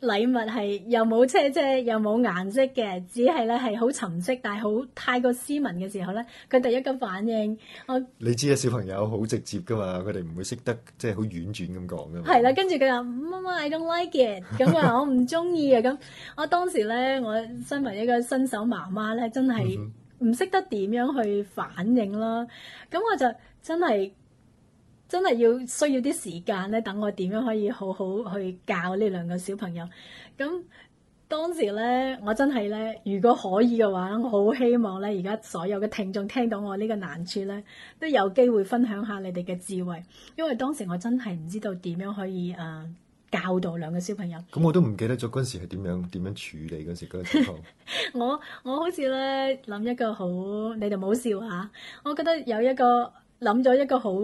禮物係又冇車車，又冇顏色嘅，只係咧係好沉色，但係好太過斯文嘅時候咧，佢第一個反應，我你知啊，小朋友好直接噶嘛，佢哋唔會識得即係好婉轉咁講噶。係啦，跟住佢話媽媽，I don't like it，咁啊， <laughs> 我唔中意啊咁。我當時咧，我身為一個新手媽媽咧，真係唔識得點樣去反應囉。咁我就真係。真係要需要啲時間咧，等我點樣可以好好去教呢兩個小朋友。咁當時咧，我真係咧，如果可以嘅話，我好希望咧，而家所有嘅聽眾聽到我呢個難處咧，都有機會分享下你哋嘅智慧，因為當時我真係唔知道點樣可以誒、呃、教導兩個小朋友。咁 <laughs> 我都唔記得咗嗰時係點樣點樣處理嗰時嗰個情況。我我好似咧諗一個好，你哋唔好笑吓、啊。我覺得有一個諗咗一個好。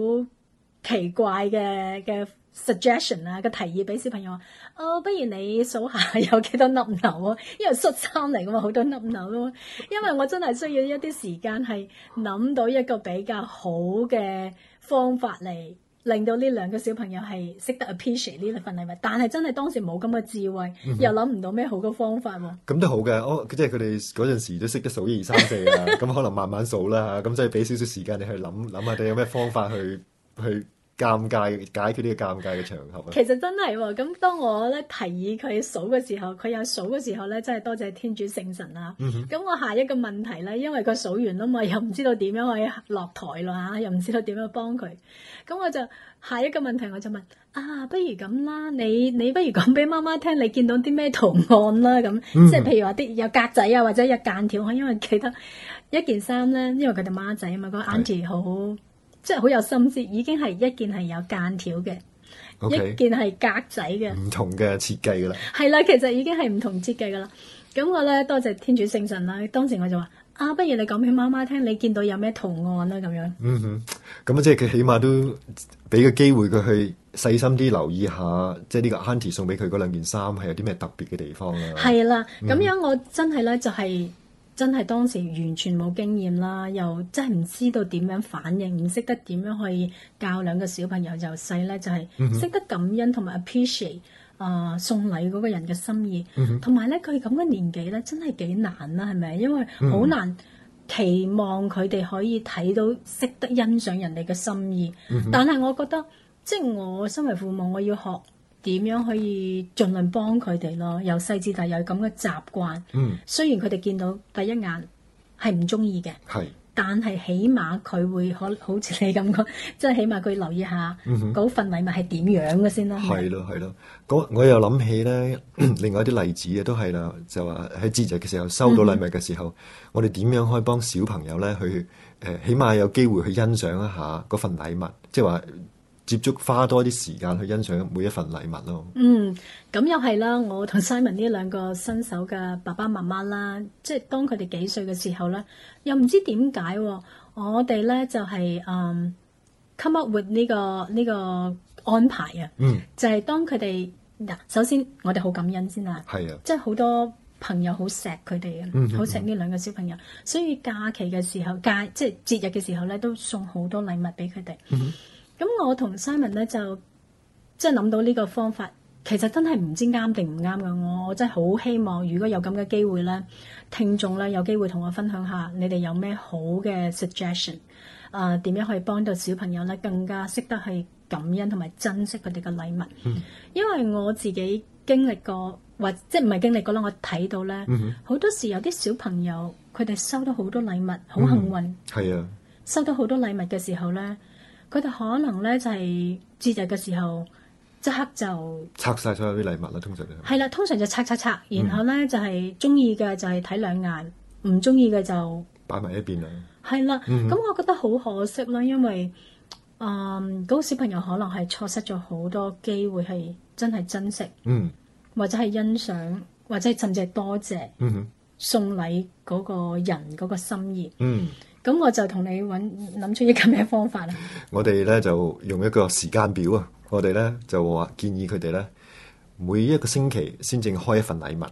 奇怪嘅嘅 suggestion 啊，個提議俾小朋友啊，哦，不如你數下有幾多粒紐啊，因為恤衫嚟嘅嘛，好多粒紐咯。因為我真係需要一啲時間係諗到一個比較好嘅方法嚟令到呢兩個小朋友係識得 appreciate 呢份禮物，但係真係當時冇咁嘅智慧，又諗唔到咩好嘅方法，咁都好嘅，哦，即係佢哋嗰陣時都識得數一二三四啊，咁 <laughs> 可能慢慢數啦嚇，咁即係俾少少時間你去諗諗下，你有咩方法去去。尷尬解決呢個尷尬嘅場合咧，其實真係喎、哦。咁當我咧提議佢數嘅時候，佢有數嘅時候咧，真係多謝天主聖神啊！咁、嗯、哼我下一個問題咧，因為佢數完啊嘛，又唔知道點樣可以落台啦嚇，又唔知道點樣幫佢。咁我就下一個問題，我就問：啊，不如咁啦，你你不如講俾媽媽聽，你見到啲咩圖案啦咁？嗯、哼即係譬如話啲有格仔啊，或者有間條，因為記得一件衫咧，因為佢哋孖仔啊嘛，那個 uncle 好。即係好有心思，已經係一件係有間條嘅，okay，一件係格仔嘅，唔同嘅設計噶啦。係啦，其實已經係唔同設計噶啦。咁我咧多謝天主聖神啦。當時我就話：啊，不如你講俾媽媽聽，你見到有咩圖案啦咁樣。嗯哼，咁啊，即係佢起碼都俾個機會佢去細心啲留意下，即係呢個 Auntie 送俾佢嗰兩件衫係有啲咩特別嘅地方啊？係啦的，咁、嗯、哼樣我真係咧就係、是。真係當時完全冇經驗啦，又真係唔知道點樣反應，唔識得點樣去教兩個小朋友由細咧，就係、是、識得感恩同埋 appreciate 啊、呃、送禮嗰個人嘅心意，同埋咧佢咁嘅年紀咧，真係幾難啦、啊，係咪？因為好難期望佢哋可以睇到識得欣賞人哋嘅心意，但係我覺得即係我身為父母，我要學。點樣可以盡量幫佢哋咯，由細至大有咁嘅習慣。嗯，雖然佢哋見到第一眼係唔中意嘅，係是，但係起碼佢會可好似你咁講，即係起碼佢留意下嗰份禮物係點樣嘅先啦。係咯、嗯哼，係咯。我又諗起咧，另外一啲例子嘅都係啦，就話喺節日嘅時候收到禮物嘅時候，嗯、哼我哋點樣可以幫小朋友咧去誒，起碼有機會去欣賞一下嗰份禮物，即係話。接觸花多啲時間去欣賞每一份禮物咯。嗯，咁又係啦，我同 Simon 呢兩個新手嘅爸爸媽媽啦，即係當佢哋幾歲嘅時候咧，又唔知點解、啊、我哋咧就係、是、嗯、um, come up with 呢、呢個呢、呢個安排啊。嗯，就係當佢哋嗱，首先我哋好感恩先啦。係啊，即係好多朋友好錫佢哋啊，好錫呢兩個小朋友，嗯嗯、所以假期嘅時候、假即係節日嘅時候咧，都送好多禮物俾佢哋。嗯咁我同 Simon 咧就即係諗到呢個方法，其實真係唔知啱定唔啱嘅。我真係好希望，如果有咁嘅機會咧，聽眾咧有機會同我分享下你哋、呃，你哋有咩好嘅 suggestion？誒點樣可以幫到小朋友咧，更加識得去感恩同埋珍惜佢哋嘅禮物？嗯、因為我自己經歷過或即係唔係經歷過啦，我睇到咧好、嗯、哼多時有啲小朋友佢哋收到好多禮物，好幸運，係、嗯、啊，收到好多禮物嘅時候咧。佢哋可能咧就係節日嘅時候，即刻就拆晒所有啲禮物啦。通常係、就、啦、係，通常就拆拆拆，然後咧就係中意嘅就係睇兩眼，唔中意嘅就擺埋一邊啦。係啦了，咁、嗯、哼我覺得好可惜咯，因為啊，嗰、呃嗰個小朋友可能係錯失咗好多機會，係真係珍惜，嗯、或者係欣賞，或者甚至係多謝送禮嗰個人嗰個心意。嗯哼嗯咁我就同你揾諗出一個咩方法啦。我哋咧就用一個時間表啊，我哋咧就話建議佢哋咧每一個星期先正開一份禮物。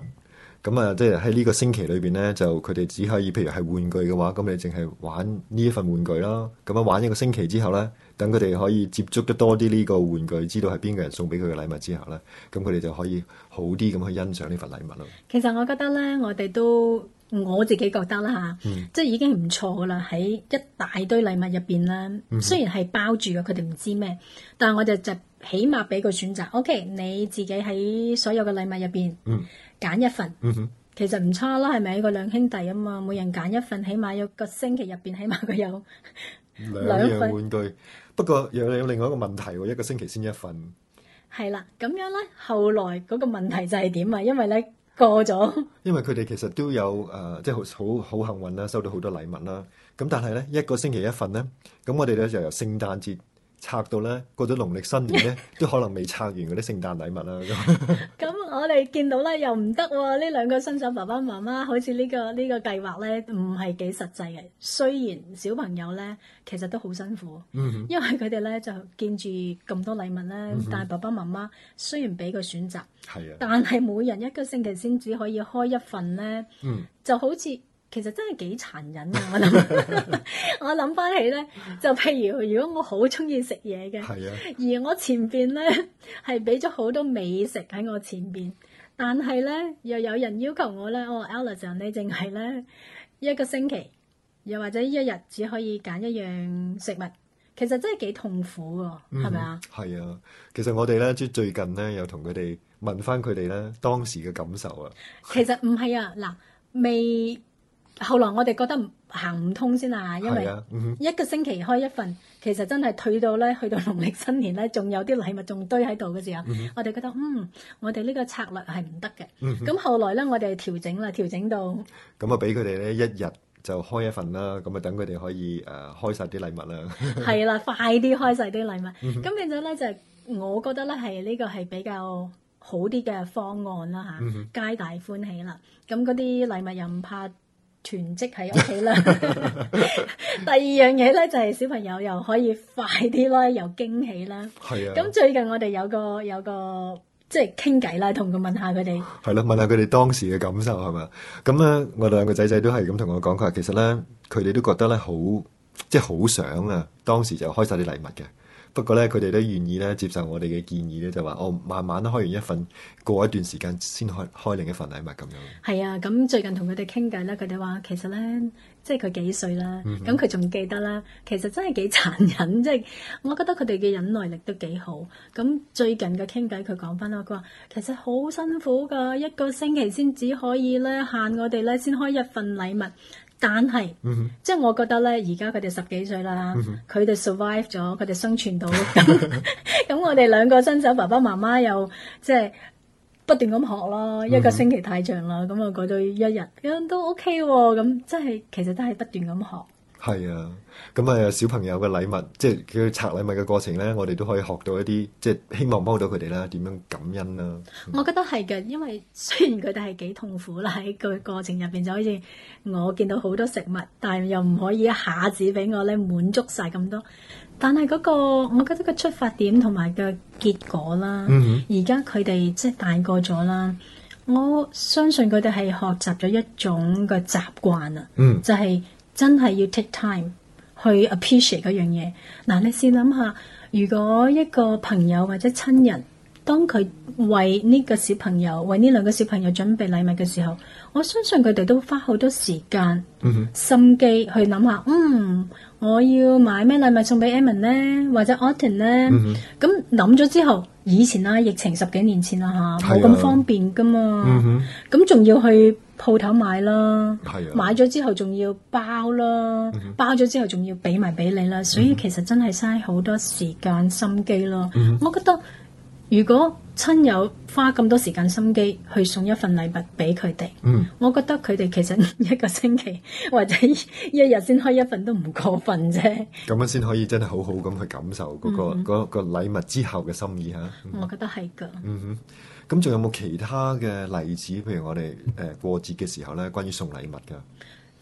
咁啊，即係喺呢個星期裏邊咧，就佢哋只可以譬如係玩具嘅話，咁你淨係玩呢一份玩具啦。咁樣玩一個星期之後咧，等佢哋可以接觸得多啲呢個玩具，知道係邊個人送俾佢嘅禮物之後咧，咁佢哋就可以好啲咁去欣賞呢份禮物咯。其實我覺得咧，我哋都。我自己覺得啦嚇，嗯、即係已經唔錯噶啦，喺一大堆禮物入邊啦。嗯、哼雖然係包住嘅，佢哋唔知咩，但係我就就起碼俾佢選擇。O.K. 你自己喺所有嘅禮物入邊揀一份，嗯嗯、哼其實唔差啦，係咪？個兩兄弟啊嘛，每人揀一份，起碼有個星期入邊，起碼佢有 <laughs> 兩樣玩具。不過有有另外一個問題喎，一個星期先一份。係啦， <laughs> 咁樣咧，後來嗰個問題就係點啊？因為咧。過咗，因為佢哋其實都有誒，即係好好幸運啦，收到好多禮物啦。咁但係咧，一個星期一份咧，咁我哋咧就由聖誕節。拆到咧，過咗農曆新年咧，都可能未拆完嗰啲聖誕禮物啦。咁，咁我哋見到咧又唔得喎，呢兩個新手爸爸媽媽好、這個，好似呢個呢個計劃咧，唔係幾實際嘅。雖然小朋友咧其實都好辛苦，嗯、哼因為佢哋咧就見住咁多禮物咧，嗯、哼但係爸爸媽媽雖然俾個選擇，係啊的，但係每人一個星期先至可以開一份咧，嗯、就好似。其實真係幾殘忍啊！我諗， <laughs> <laughs> 我諗翻起咧，就譬如如果我好中意食嘢嘅，係啊、而我前邊咧係俾咗好多美食喺我前邊，但係咧又有人要求我咧，哦，Ella 姐你淨係咧一個星期，又或者一日只可以揀一樣食物，其實真係幾痛苦噶，係咪啊？係吧啊，其實我哋咧即係最近咧又同佢哋問翻佢哋咧當時嘅感受啊。其實唔係啊，嗱未。後來我哋覺得行唔通先啊，因為一個星期開一份，啊嗯、其實真係退到咧，去到農曆新年咧，仲有啲禮物仲堆喺度嘅時候，嗯、哼我哋覺得嗯，我哋呢個策略係唔得嘅。咁、嗯、哼後來咧，我哋調整啦，調整到咁啊，俾佢哋咧一日就開一份啦。咁、呃、 <laughs> 啊，等佢哋可以誒開晒啲禮物啦。係啦，快啲開晒啲禮物。咁、嗯、哼變咗咧，就係、我覺得咧係呢個係比較好啲嘅方案啦吓、啊，皆大歡喜啦。咁嗰啲禮物又唔怕。全職喺屋企啦， <laughs> <laughs> 第二樣嘢咧就係、是、小朋友又可以快啲啦，又驚喜啦。係是啊，咁最近我哋有個有個即係傾偈啦，同佢問下佢哋。係啦，問下佢哋、啊、當時嘅感受係嘛？咁咧，我兩個仔仔都係咁同我講，佢話其實咧，佢哋都覺得咧好，即係好想啊！當時就開晒啲禮物嘅。不過咧，佢哋都願意咧接受我哋嘅建議咧，就話我慢慢都開完一份，過一段時間先開開另一份禮物咁樣。係啊，咁最近同佢哋傾偈咧，佢哋話其實咧，即係佢幾歲啦？咁佢仲記得啦。其實真係幾殘忍，即係我覺得佢哋嘅忍耐力都幾好。咁最近嘅傾偈，佢講翻啦，佢話其實好辛苦㗎，一個星期先只可以咧限我哋咧先開一份禮物。但係，mm hmm. 即係我覺得咧，而家佢哋十幾歲啦，佢哋、mm hmm. survive 咗，佢哋生存到咁， <laughs> <laughs> 咁我哋兩個新手爸爸媽媽又即係不斷咁學咯，mm hmm. 一個星期太長啦，咁啊改到一日，咁樣都 OK 喎，咁即係其實都係不斷咁學。係啊，咁、嗯、啊小朋友嘅禮物，即係佢拆禮物嘅過程咧，我哋都可以學到一啲，即係希望幫到佢哋啦，點樣感恩啦、啊。嗯、我覺得係嘅，因為雖然佢哋係幾痛苦啦喺個過程入邊，就好似我見到好多食物，但係又唔可以一下子俾我咧滿足晒咁多。但係嗰、嗰個，我覺得個出發點同埋個結果啦，而家佢哋即係大個咗啦，我相信佢哋係學習咗一種嘅習慣啊，嗯、就係、是。真係要 take time 去 appreciate 嗰樣嘢。嗱，你試諗下，如果一個朋友或者親人，當佢為呢個小朋友、為呢兩個小朋友準備禮物嘅時候，我相信佢哋都花好多時間、mm hmm. 心機去諗下，嗯，我要買咩禮物送俾 Emma 呢，或者 Autumn 呢？咁諗咗之後，以前啦，疫情十幾年前啦嚇，冇咁方便噶嘛。咁仲、yeah. mm hmm. 要去。鋪頭買咯，啊、買咗之後仲要包咯，嗯、哼包咗之後仲要俾埋俾你啦，嗯、哼所以其實真係嘥好多時間心機咯。嗯、哼我覺得如果親友花咁多時間心機去送一份禮物俾佢哋，嗯、我覺得佢哋其實一個星期或者一日先開一份都唔過分啫。咁樣先可以真係好好咁去感受嗰、嗰個嗰、嗯、哼個禮物之後嘅心意吓。嗯、哼我覺得係噶。 <laughs> 咁仲有冇其他嘅例子？譬如我哋誒過節嘅時候咧，關於送禮物嘅。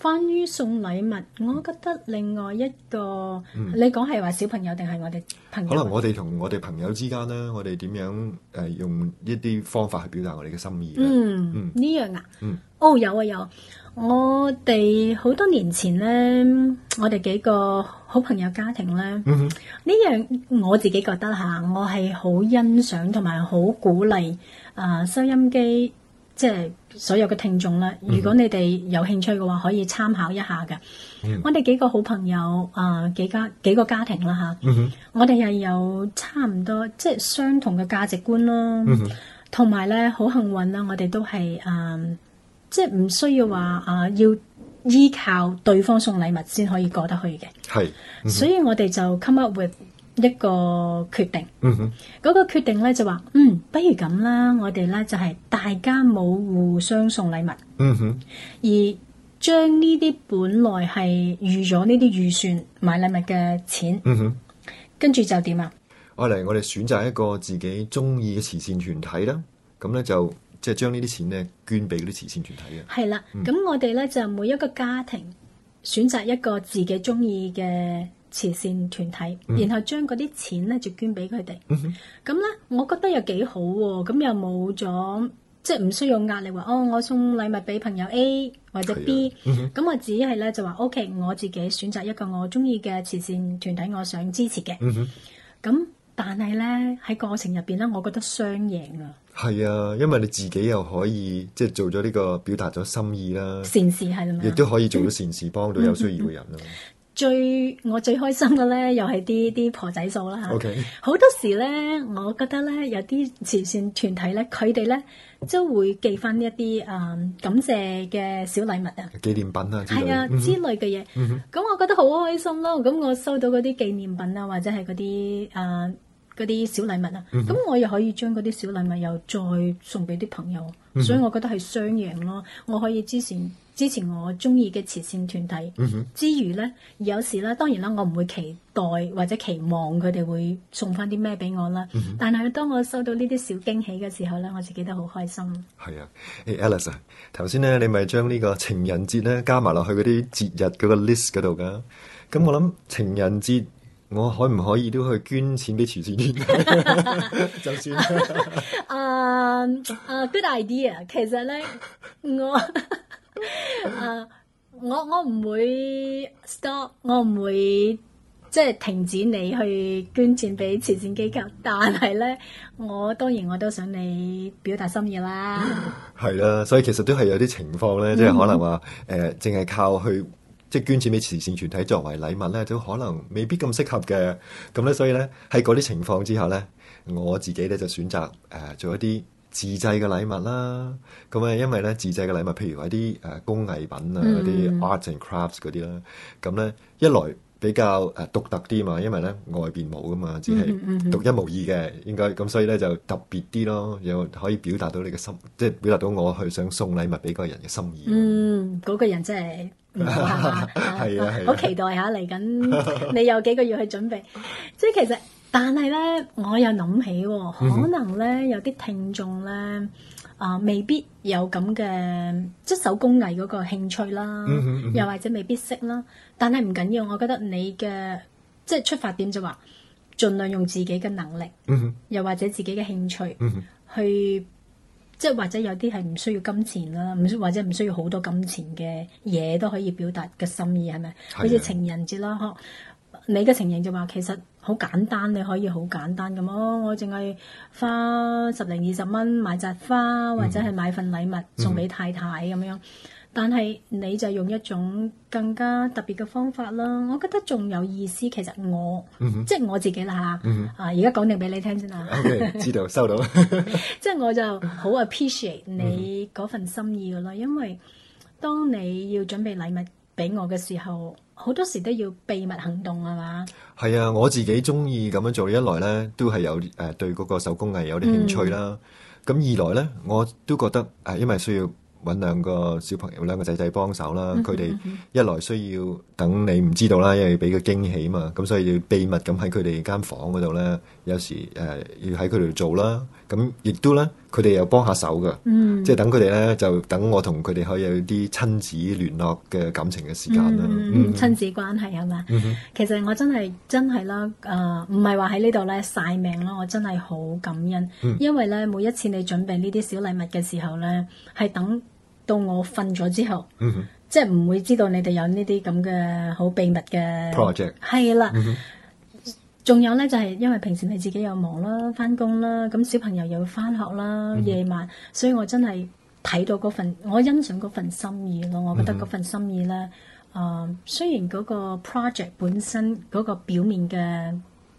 關於送禮物，我覺得另外一個，嗯、你講係話小朋友定係我哋朋友？可能我哋同我哋朋友之間咧，我哋點樣誒、呃、用一啲方法去表達我哋嘅心意呢？嗯，嗯、呢樣啊，嗯，哦、oh，啊，有啊有。我哋好多年前呢，我哋幾個好朋友家庭呢，呢、mm hmm. 樣我自己覺得嚇、啊，我係好欣賞同埋好鼓勵啊、呃、收音機，即係所有嘅聽眾啦。如果你哋有興趣嘅話，可以參考一下㗎。Mm hmm. 我哋幾個好朋友啊、呃，幾家幾個家庭啦嚇，啊 mm hmm. 我哋又有差唔多即係相同嘅價值觀咯，同埋、mm hmm. 呢，好幸運啦，我哋都係啊～、嗯嗯即係唔需要話啊，要依靠對方送禮物先可以過得去嘅。係，嗯、所以我哋就 come up with 一個決定。嗯哼，嗰個決定咧就話，嗯，不如咁啦，我哋咧就係、是、大家冇互相送禮物。嗯哼，而將呢啲本來係預咗呢啲預算買禮物嘅錢。嗯哼，跟住就點啊？愛嚟，我哋選擇一個自己中意嘅慈善團體啦。咁咧就。即係將呢啲錢咧捐俾嗰啲慈善團體嘅。係啦了，咁、嗯、我哋咧就每一個家庭選擇一個自己中意嘅慈善團體，嗯、然後將嗰啲錢咧就捐俾佢哋。咁咧、嗯哼，我覺得又幾好喎、啊。咁又冇咗，即係唔需要壓力話哦，我送禮物俾朋友 A 或者 B、啊。咁、嗯、哼我只係咧就話，OK，我自己選擇一個我中意嘅慈善團體，我想支持嘅。咁、嗯哼。嗯但係咧喺過程入邊咧，我覺得雙贏啊！係啊，因為你自己又可以即係做咗呢個表達咗心意啦，善事係啦，亦都可以做到善事， <laughs> 幫到有需要嘅人咯。 <laughs> 最我最開心嘅咧，又係啲啲婆仔數啦嚇，好 Okay. 多時咧，我覺得咧有啲慈善團體咧，佢哋咧都會寄翻一啲啊、呃、感謝嘅小禮物啊，紀念品啊，係啊之類嘅嘢，咁、啊嗯、哼我覺得好開心咯。咁我收到嗰啲紀念品啊，或者係嗰啲啊。呃嗰啲小禮物啊，咁、嗯、哼我又可以將嗰啲小禮物又再送俾啲朋友，嗯、哼所以我覺得係雙贏咯。我可以支持支持我中意嘅慈善團體、嗯、哼之餘咧，有時咧，當然啦，我唔會期待或者期望佢哋會送翻啲咩俾我啦。嗯、哼但係當我收到呢啲小驚喜嘅時候咧，我自己都好開心。係啊，誒，Alice，頭先咧你咪將呢個情人節咧加埋落去嗰啲節日嗰個 list 嗰度㗎。咁我諗情人節。我可唔可以都去捐錢俾慈善機構？ <laughs> <laughs> 就算啊啊、uh, uh,，good idea。其實咧，我啊、 <laughs> uh,，我我唔會 stop，我唔會即係、就是、停止你去捐錢俾慈善機構。但係咧，我當然我都想你表達心意啦。係啦、 <laughs> 啊，所以其實都係有啲情況咧，即、就、係、是、可能話誒，淨、呃、係靠去。即係捐錢俾慈善團體作為禮物咧，就可能未必咁適合嘅咁咧。所以咧，喺嗰啲情況之下咧，我自己咧就選擇誒、呃、做一啲自製嘅禮物啦。咁啊，因為咧自製嘅禮物，譬如話一啲誒、呃、工藝品啊，嗰啲 arts and crafts 嗰啲啦。咁咧，一來比較誒獨特啲嘛，因為咧外邊冇㗎嘛，只係獨一無二嘅，應該咁，所以咧就特別啲咯。又可以表達到你嘅心，即係表達到我去想送禮物俾嗰個人嘅心意。嗯，嗰、那個人真係～唔好係嘛，好、啊、期待下嚟緊，你有幾個月去準備。 <laughs> 即係其實，但係咧，我又諗起、哦，可能咧有啲聽眾咧，啊、呃，未必有咁嘅即係手工藝嗰個興趣啦， <laughs> 又或者未必識啦。但係唔緊要，我覺得你嘅即係出發點就話，盡量用自己嘅能力， <laughs> 又或者自己嘅興趣去。即係或者有啲係唔需要金錢啦，唔、嗯、或者唔需要好多金錢嘅嘢都可以表達嘅心意係咪？好似的情人節啦，呵的！你嘅情形就話其實好簡單，你可以好簡單咁哦，我淨係花十零二十蚊買扎花、嗯、或者係買份禮物送俾太太咁、嗯、樣。但係你就用一種更加特別嘅方法啦，我覺得仲有意思。其實我、mm hmm. 即係我自己啦嚇，mm hmm. 啊而家講定俾你聽先啦。Okay, 知道收到。 <laughs> 即係我就好 appreciate 你嗰份心意㗎喇，因為當你要準備禮物俾我嘅時候，好多時都要秘密行動係嘛？係啊，我自己中意咁樣做，一來咧都係有誒、呃、對嗰個手工藝有啲興趣啦，咁、mm hmm. 二來咧我都覺得誒因為需要。揾兩個小朋友，兩個仔仔幫手啦。佢哋一來需要等你唔知道啦，因為俾個驚喜嘛。咁所以要秘密咁喺佢哋間房嗰度咧，有時誒要喺佢哋度做啦。咁亦都咧，佢哋又幫下手㗎，即係等佢哋咧，就等我同佢哋可以有啲親子聯絡嘅感情嘅時間啦。嗯，親子關係吖嘛？其實我真係真係啦，誒唔係話喺呢度咧晒命咯。我真係好感恩，因為咧每一次你準備呢啲小禮物嘅時候咧，係等。到我瞓咗之後，mm hmm. 即係唔會知道你哋有呢啲咁嘅好秘密嘅 project。係啦，仲有呢，就係因為平時你自己又忙啦，返工啦，咁小朋友又要返學啦，mm hmm. 夜晚，所以我真係睇到嗰份，我欣賞嗰份心意咯。我覺得嗰份心意呢，啊、mm hmm. 呃，雖然嗰個 project 本身嗰個表面嘅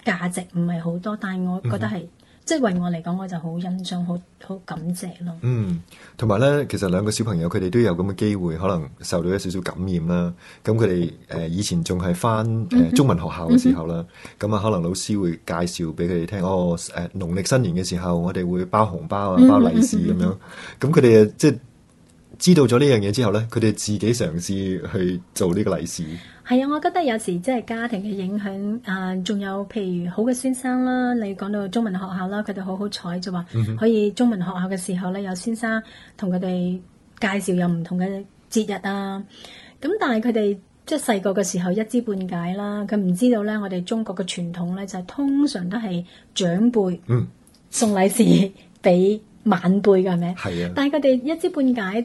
價值唔係好多，但係我覺得係。Mm hmm. 即係為我嚟講，我就好欣賞，好好感謝咯。嗯，同埋咧，其實兩個小朋友佢哋都有咁嘅機會，可能受到一少少感染啦。咁佢哋誒以前仲係返誒中文學校嘅時候啦，咁啊 <laughs> 可能老師會介紹俾佢哋聽， <laughs> 哦誒、呃，農曆新年嘅時候我哋會包紅包啊，包利是咁樣。咁佢哋即係知道咗呢樣嘢之後咧，佢哋自己嘗試去做呢個利是。係啊，我覺得有時即係家庭嘅影響，啊，仲有譬如好嘅先生啦，你講到中文學校啦，佢哋好好彩就話可以中文學校嘅時候咧，有先生同佢哋介紹有唔同嘅節日啊。咁但係佢哋即係細個嘅時候一知半解啦，佢唔知道咧，我哋中國嘅傳統咧就係、通常都係長輩送禮事俾晚輩㗎，係咪？係啊。但係佢哋一知半解。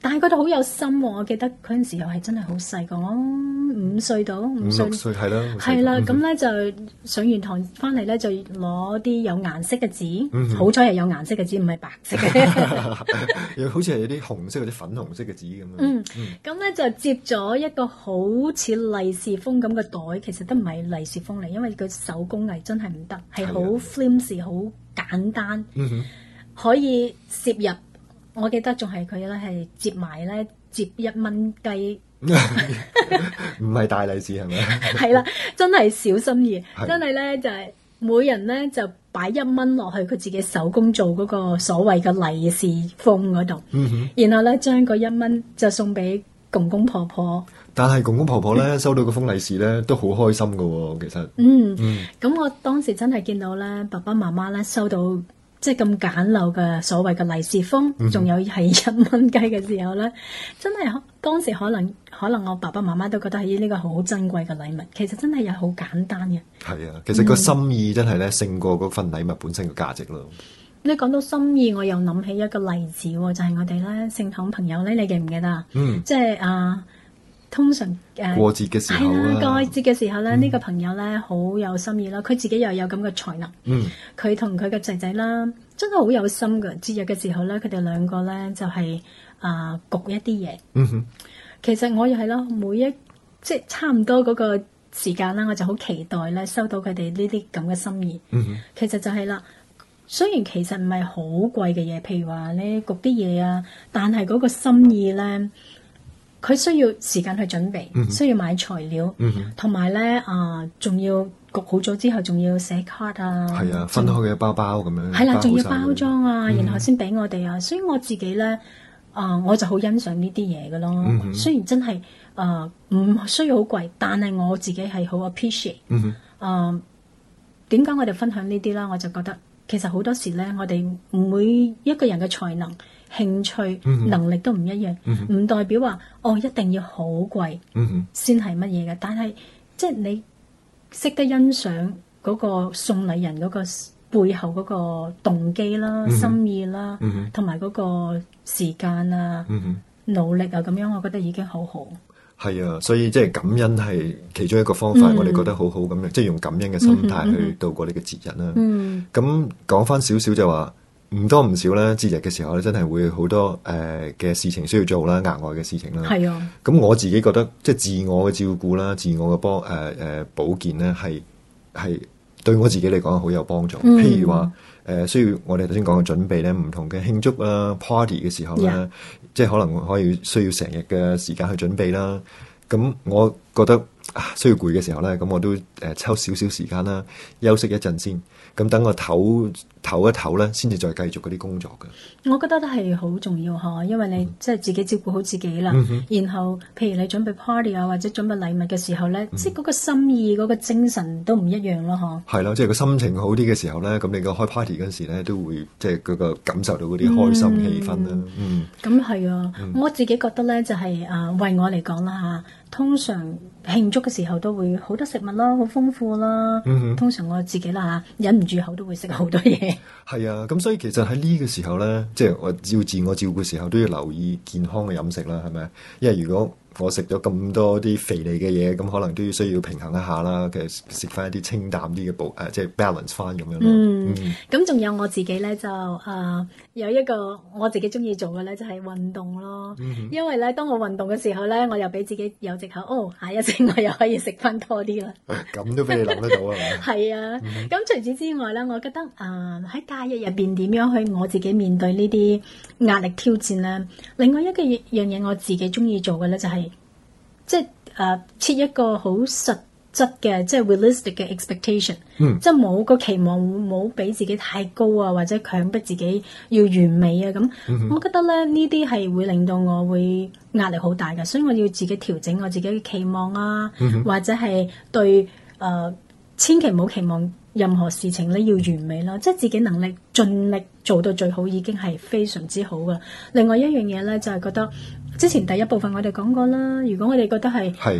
但係佢都好有心喎，我記得嗰陣時又係真係好細個，五歲到五六歲係啦，係啦，咁咧就上完堂翻嚟咧就攞啲有顏色嘅紙，嗯、哼好彩係有顏色嘅紙，唔係白色嘅， <laughs> <laughs> 好似係有啲紅色啲粉紅色嘅紙咁咯。嗯，咁咧、嗯嗯、就接咗一個好似利是封咁嘅袋，其實都唔係利是封嚟，因為佢手工藝真係唔得，係好 flims 好簡單，嗯、哼可以攝入。我記得仲係佢咧，係接埋咧，接一蚊雞，唔係大利是係咪？係啦，真係小心意，真係咧就係每人咧就擺一蚊落去佢自己手工做嗰個所謂嘅利是封嗰度，嗯哼，然後咧將個一蚊就送俾公公婆婆。但係公公婆婆咧收到個封利是咧都好開心㗎喎，其實。嗯，咁我當時真係見到咧，爸爸媽媽咧收到。即係咁簡陋嘅所謂嘅利是封，仲有係一蚊雞嘅時候咧，真係當時可能可能我爸爸媽媽都覺得係呢個好珍貴嘅禮物，其實真係有好簡單嘅。係啊，其實個心意真係咧勝過嗰份禮物本身嘅價值咯、嗯。你講到心意，我又諗起一個例子，就係、是、我哋咧聖堂朋友咧，你記唔記得、嗯、啊？嗯，即係啊。通常誒、呃、過節嘅時候啦，過節嘅時候咧，呢、嗯、個朋友咧好有心意啦，佢自己又有咁嘅才能，佢同佢嘅仔仔啦，真係好有心㗎。節日嘅時候咧，佢哋兩個咧就係、是、啊、呃、焗一啲嘢。嗯哼，其實我又係啦，每一即係差唔多嗰個時間啦，我就好期待咧收到佢哋呢啲咁嘅心意。嗯哼，其實就係啦，雖然其實唔係好貴嘅嘢，譬如話咧焗啲嘢啊，但係嗰個心意咧。佢需要時間去準備，嗯、哼需要買材料，同埋咧啊，仲、呃、要焗好咗之後，仲要寫 card 啊，係啊，分開嘅包包咁樣包，係啦，仲要包裝啊，嗯、哼然後先俾我哋啊。所以我自己咧啊、呃，我就好欣賞呢啲嘢嘅咯。嗯、哼雖然真係啊唔需要好貴，但係我自己係好 appreciate。啊、嗯哼，點解、呃、我哋分享呢啲啦？我就覺得其實好多時咧，我哋每一個人嘅才能。興趣能力都唔一樣，唔代表話哦一定要好貴先係乜嘢嘅。但係即係你識得欣賞嗰個送禮人嗰個背後嗰個動機啦、心意啦，同埋嗰個時間啊、努力啊咁樣，我覺得已經好好。係啊，所以即係感恩係其中一個方法，我哋覺得好好咁樣，即係用感恩嘅心態去度過你嘅節日啦。咁講翻少少就話。唔多唔少啦，節日嘅時候咧，真係會好多誒嘅事情需要做啦，額外嘅事情啦。係啊。咁我自己覺得，即係自我嘅照顧啦，自我嘅幫誒誒保健咧，係係對我自己嚟講好有幫助。嗯、譬如話誒、呃、需要我哋頭先講嘅準備咧，唔同嘅慶祝啦 party 嘅時候啦，Yeah. 即係可能可以需要成日嘅時間去準備啦。咁我覺得啊需要攰嘅時候咧，咁我都誒抽少少時間啦，休息一陣先。咁等個頭。唞一唞咧，先至再繼續嗰啲工作嘅。我覺得都係好重要呵，因為你即係自己照顧好自己啦。嗯、哼然後，譬如你準備 party 啊，或者準備禮物嘅時候咧，即係嗰個心意、嗰、嗰個精神都唔一樣咯，嗬，係啦，即係個心情好啲嘅時候咧，咁你個開 party 嗰時咧，都會即係嗰個感受到嗰啲開心氣氛啦。嗯，咁係、嗯嗯、啊，嗯、我自己覺得咧、就係，就係啊，為我嚟講啦嚇，通常慶祝嘅時候都會好多食物咯，好豐富啦。嗯、哼通常我自己啦嚇，忍唔住口都會食好多嘢。係啊，咁所以其實喺呢個時候咧，即係我照自我照顧時候都要留意健康嘅飲食啦，係咪？因為如果我食咗咁多啲肥膩嘅嘢，咁可能都要需要平衡一下啦。其實食翻一啲清淡啲嘅補，誒、啊、即係 balance 翻咁樣咯。嗯，咁仲、嗯、有我自己咧就誒、呃、有一個我自己中意做嘅咧就係運動咯。嗯、哼因為咧當我運動嘅時候咧，我又俾自己有借口，哦，下一次我又可以食翻多啲啦。咁、哎、都俾你諗得到 <laughs> <laughs> 啊？係啊、嗯哼。咁除此之外咧，我覺得誒喺、呃、假日入邊點樣去我自己面對呢啲壓力挑戰咧？另外一個樣嘢我自己中意做嘅咧就係、是。即係誒、呃、設一個好實質嘅，即係 realistic 嘅 expectation、嗯、即係冇個期望冇俾自己太高啊，或者強迫自己要完美啊咁。我覺得咧呢啲係、嗯、哼會令到我會壓力好大嘅，所以我要自己調整我自己嘅期望啊，嗯、哼或者係對誒、呃、千祈唔好期望任何事情咧要完美啦，即係自己能力盡力做到最好已經係非常之好噶。另外一樣嘢咧就係、是、覺得。之前第一部分我哋講過啦，如果我哋覺得係話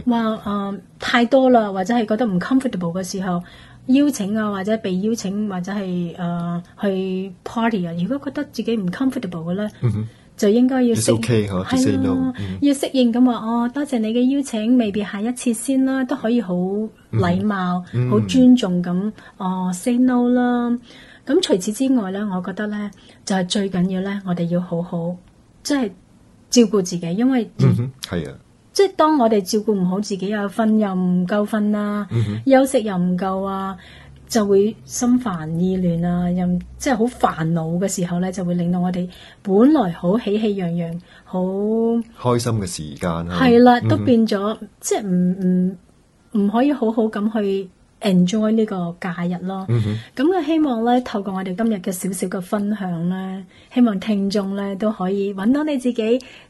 誒太多啦，或者係覺得唔 comfortable 嘅時候，邀請啊或者被邀請或者係誒、呃、去 party 啊，如果覺得自己唔 comfortable 嘅咧，mm hmm. 就應該要適。It's okay 要適應。要適應咁話哦，多謝你嘅邀請，未必下一次先啦，都可以好禮貌、好、mm hmm. 尊重咁哦、呃、，say no 啦。咁除此之外咧，我覺得咧就係最緊要咧，我哋要好好即係。就是照顧自己，因為、嗯哼、係啊、即係當我哋照顧唔好自己，又瞓又唔夠瞓啦，嗯、哼休息又唔夠啊，就會心煩意亂啊，又即係好煩惱嘅時候咧，就會令到我哋本來好喜氣洋洋、好開心嘅時間，係啦，都變咗即係唔唔唔可以好好咁去 Enjoy 呢個假日咯，咁、嗯、哼我希望咧透過我哋今日嘅少少嘅分享咧，希望聽眾咧都可以搵到你自己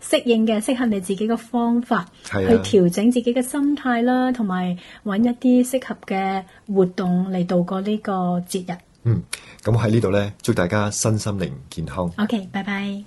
適應嘅適合你自己嘅方法，啊、去調整自己嘅心態啦，同埋搵一啲適合嘅活動嚟度過呢個節日。嗯，咁喺呢度咧，祝大家身心靈健康。OK，拜拜。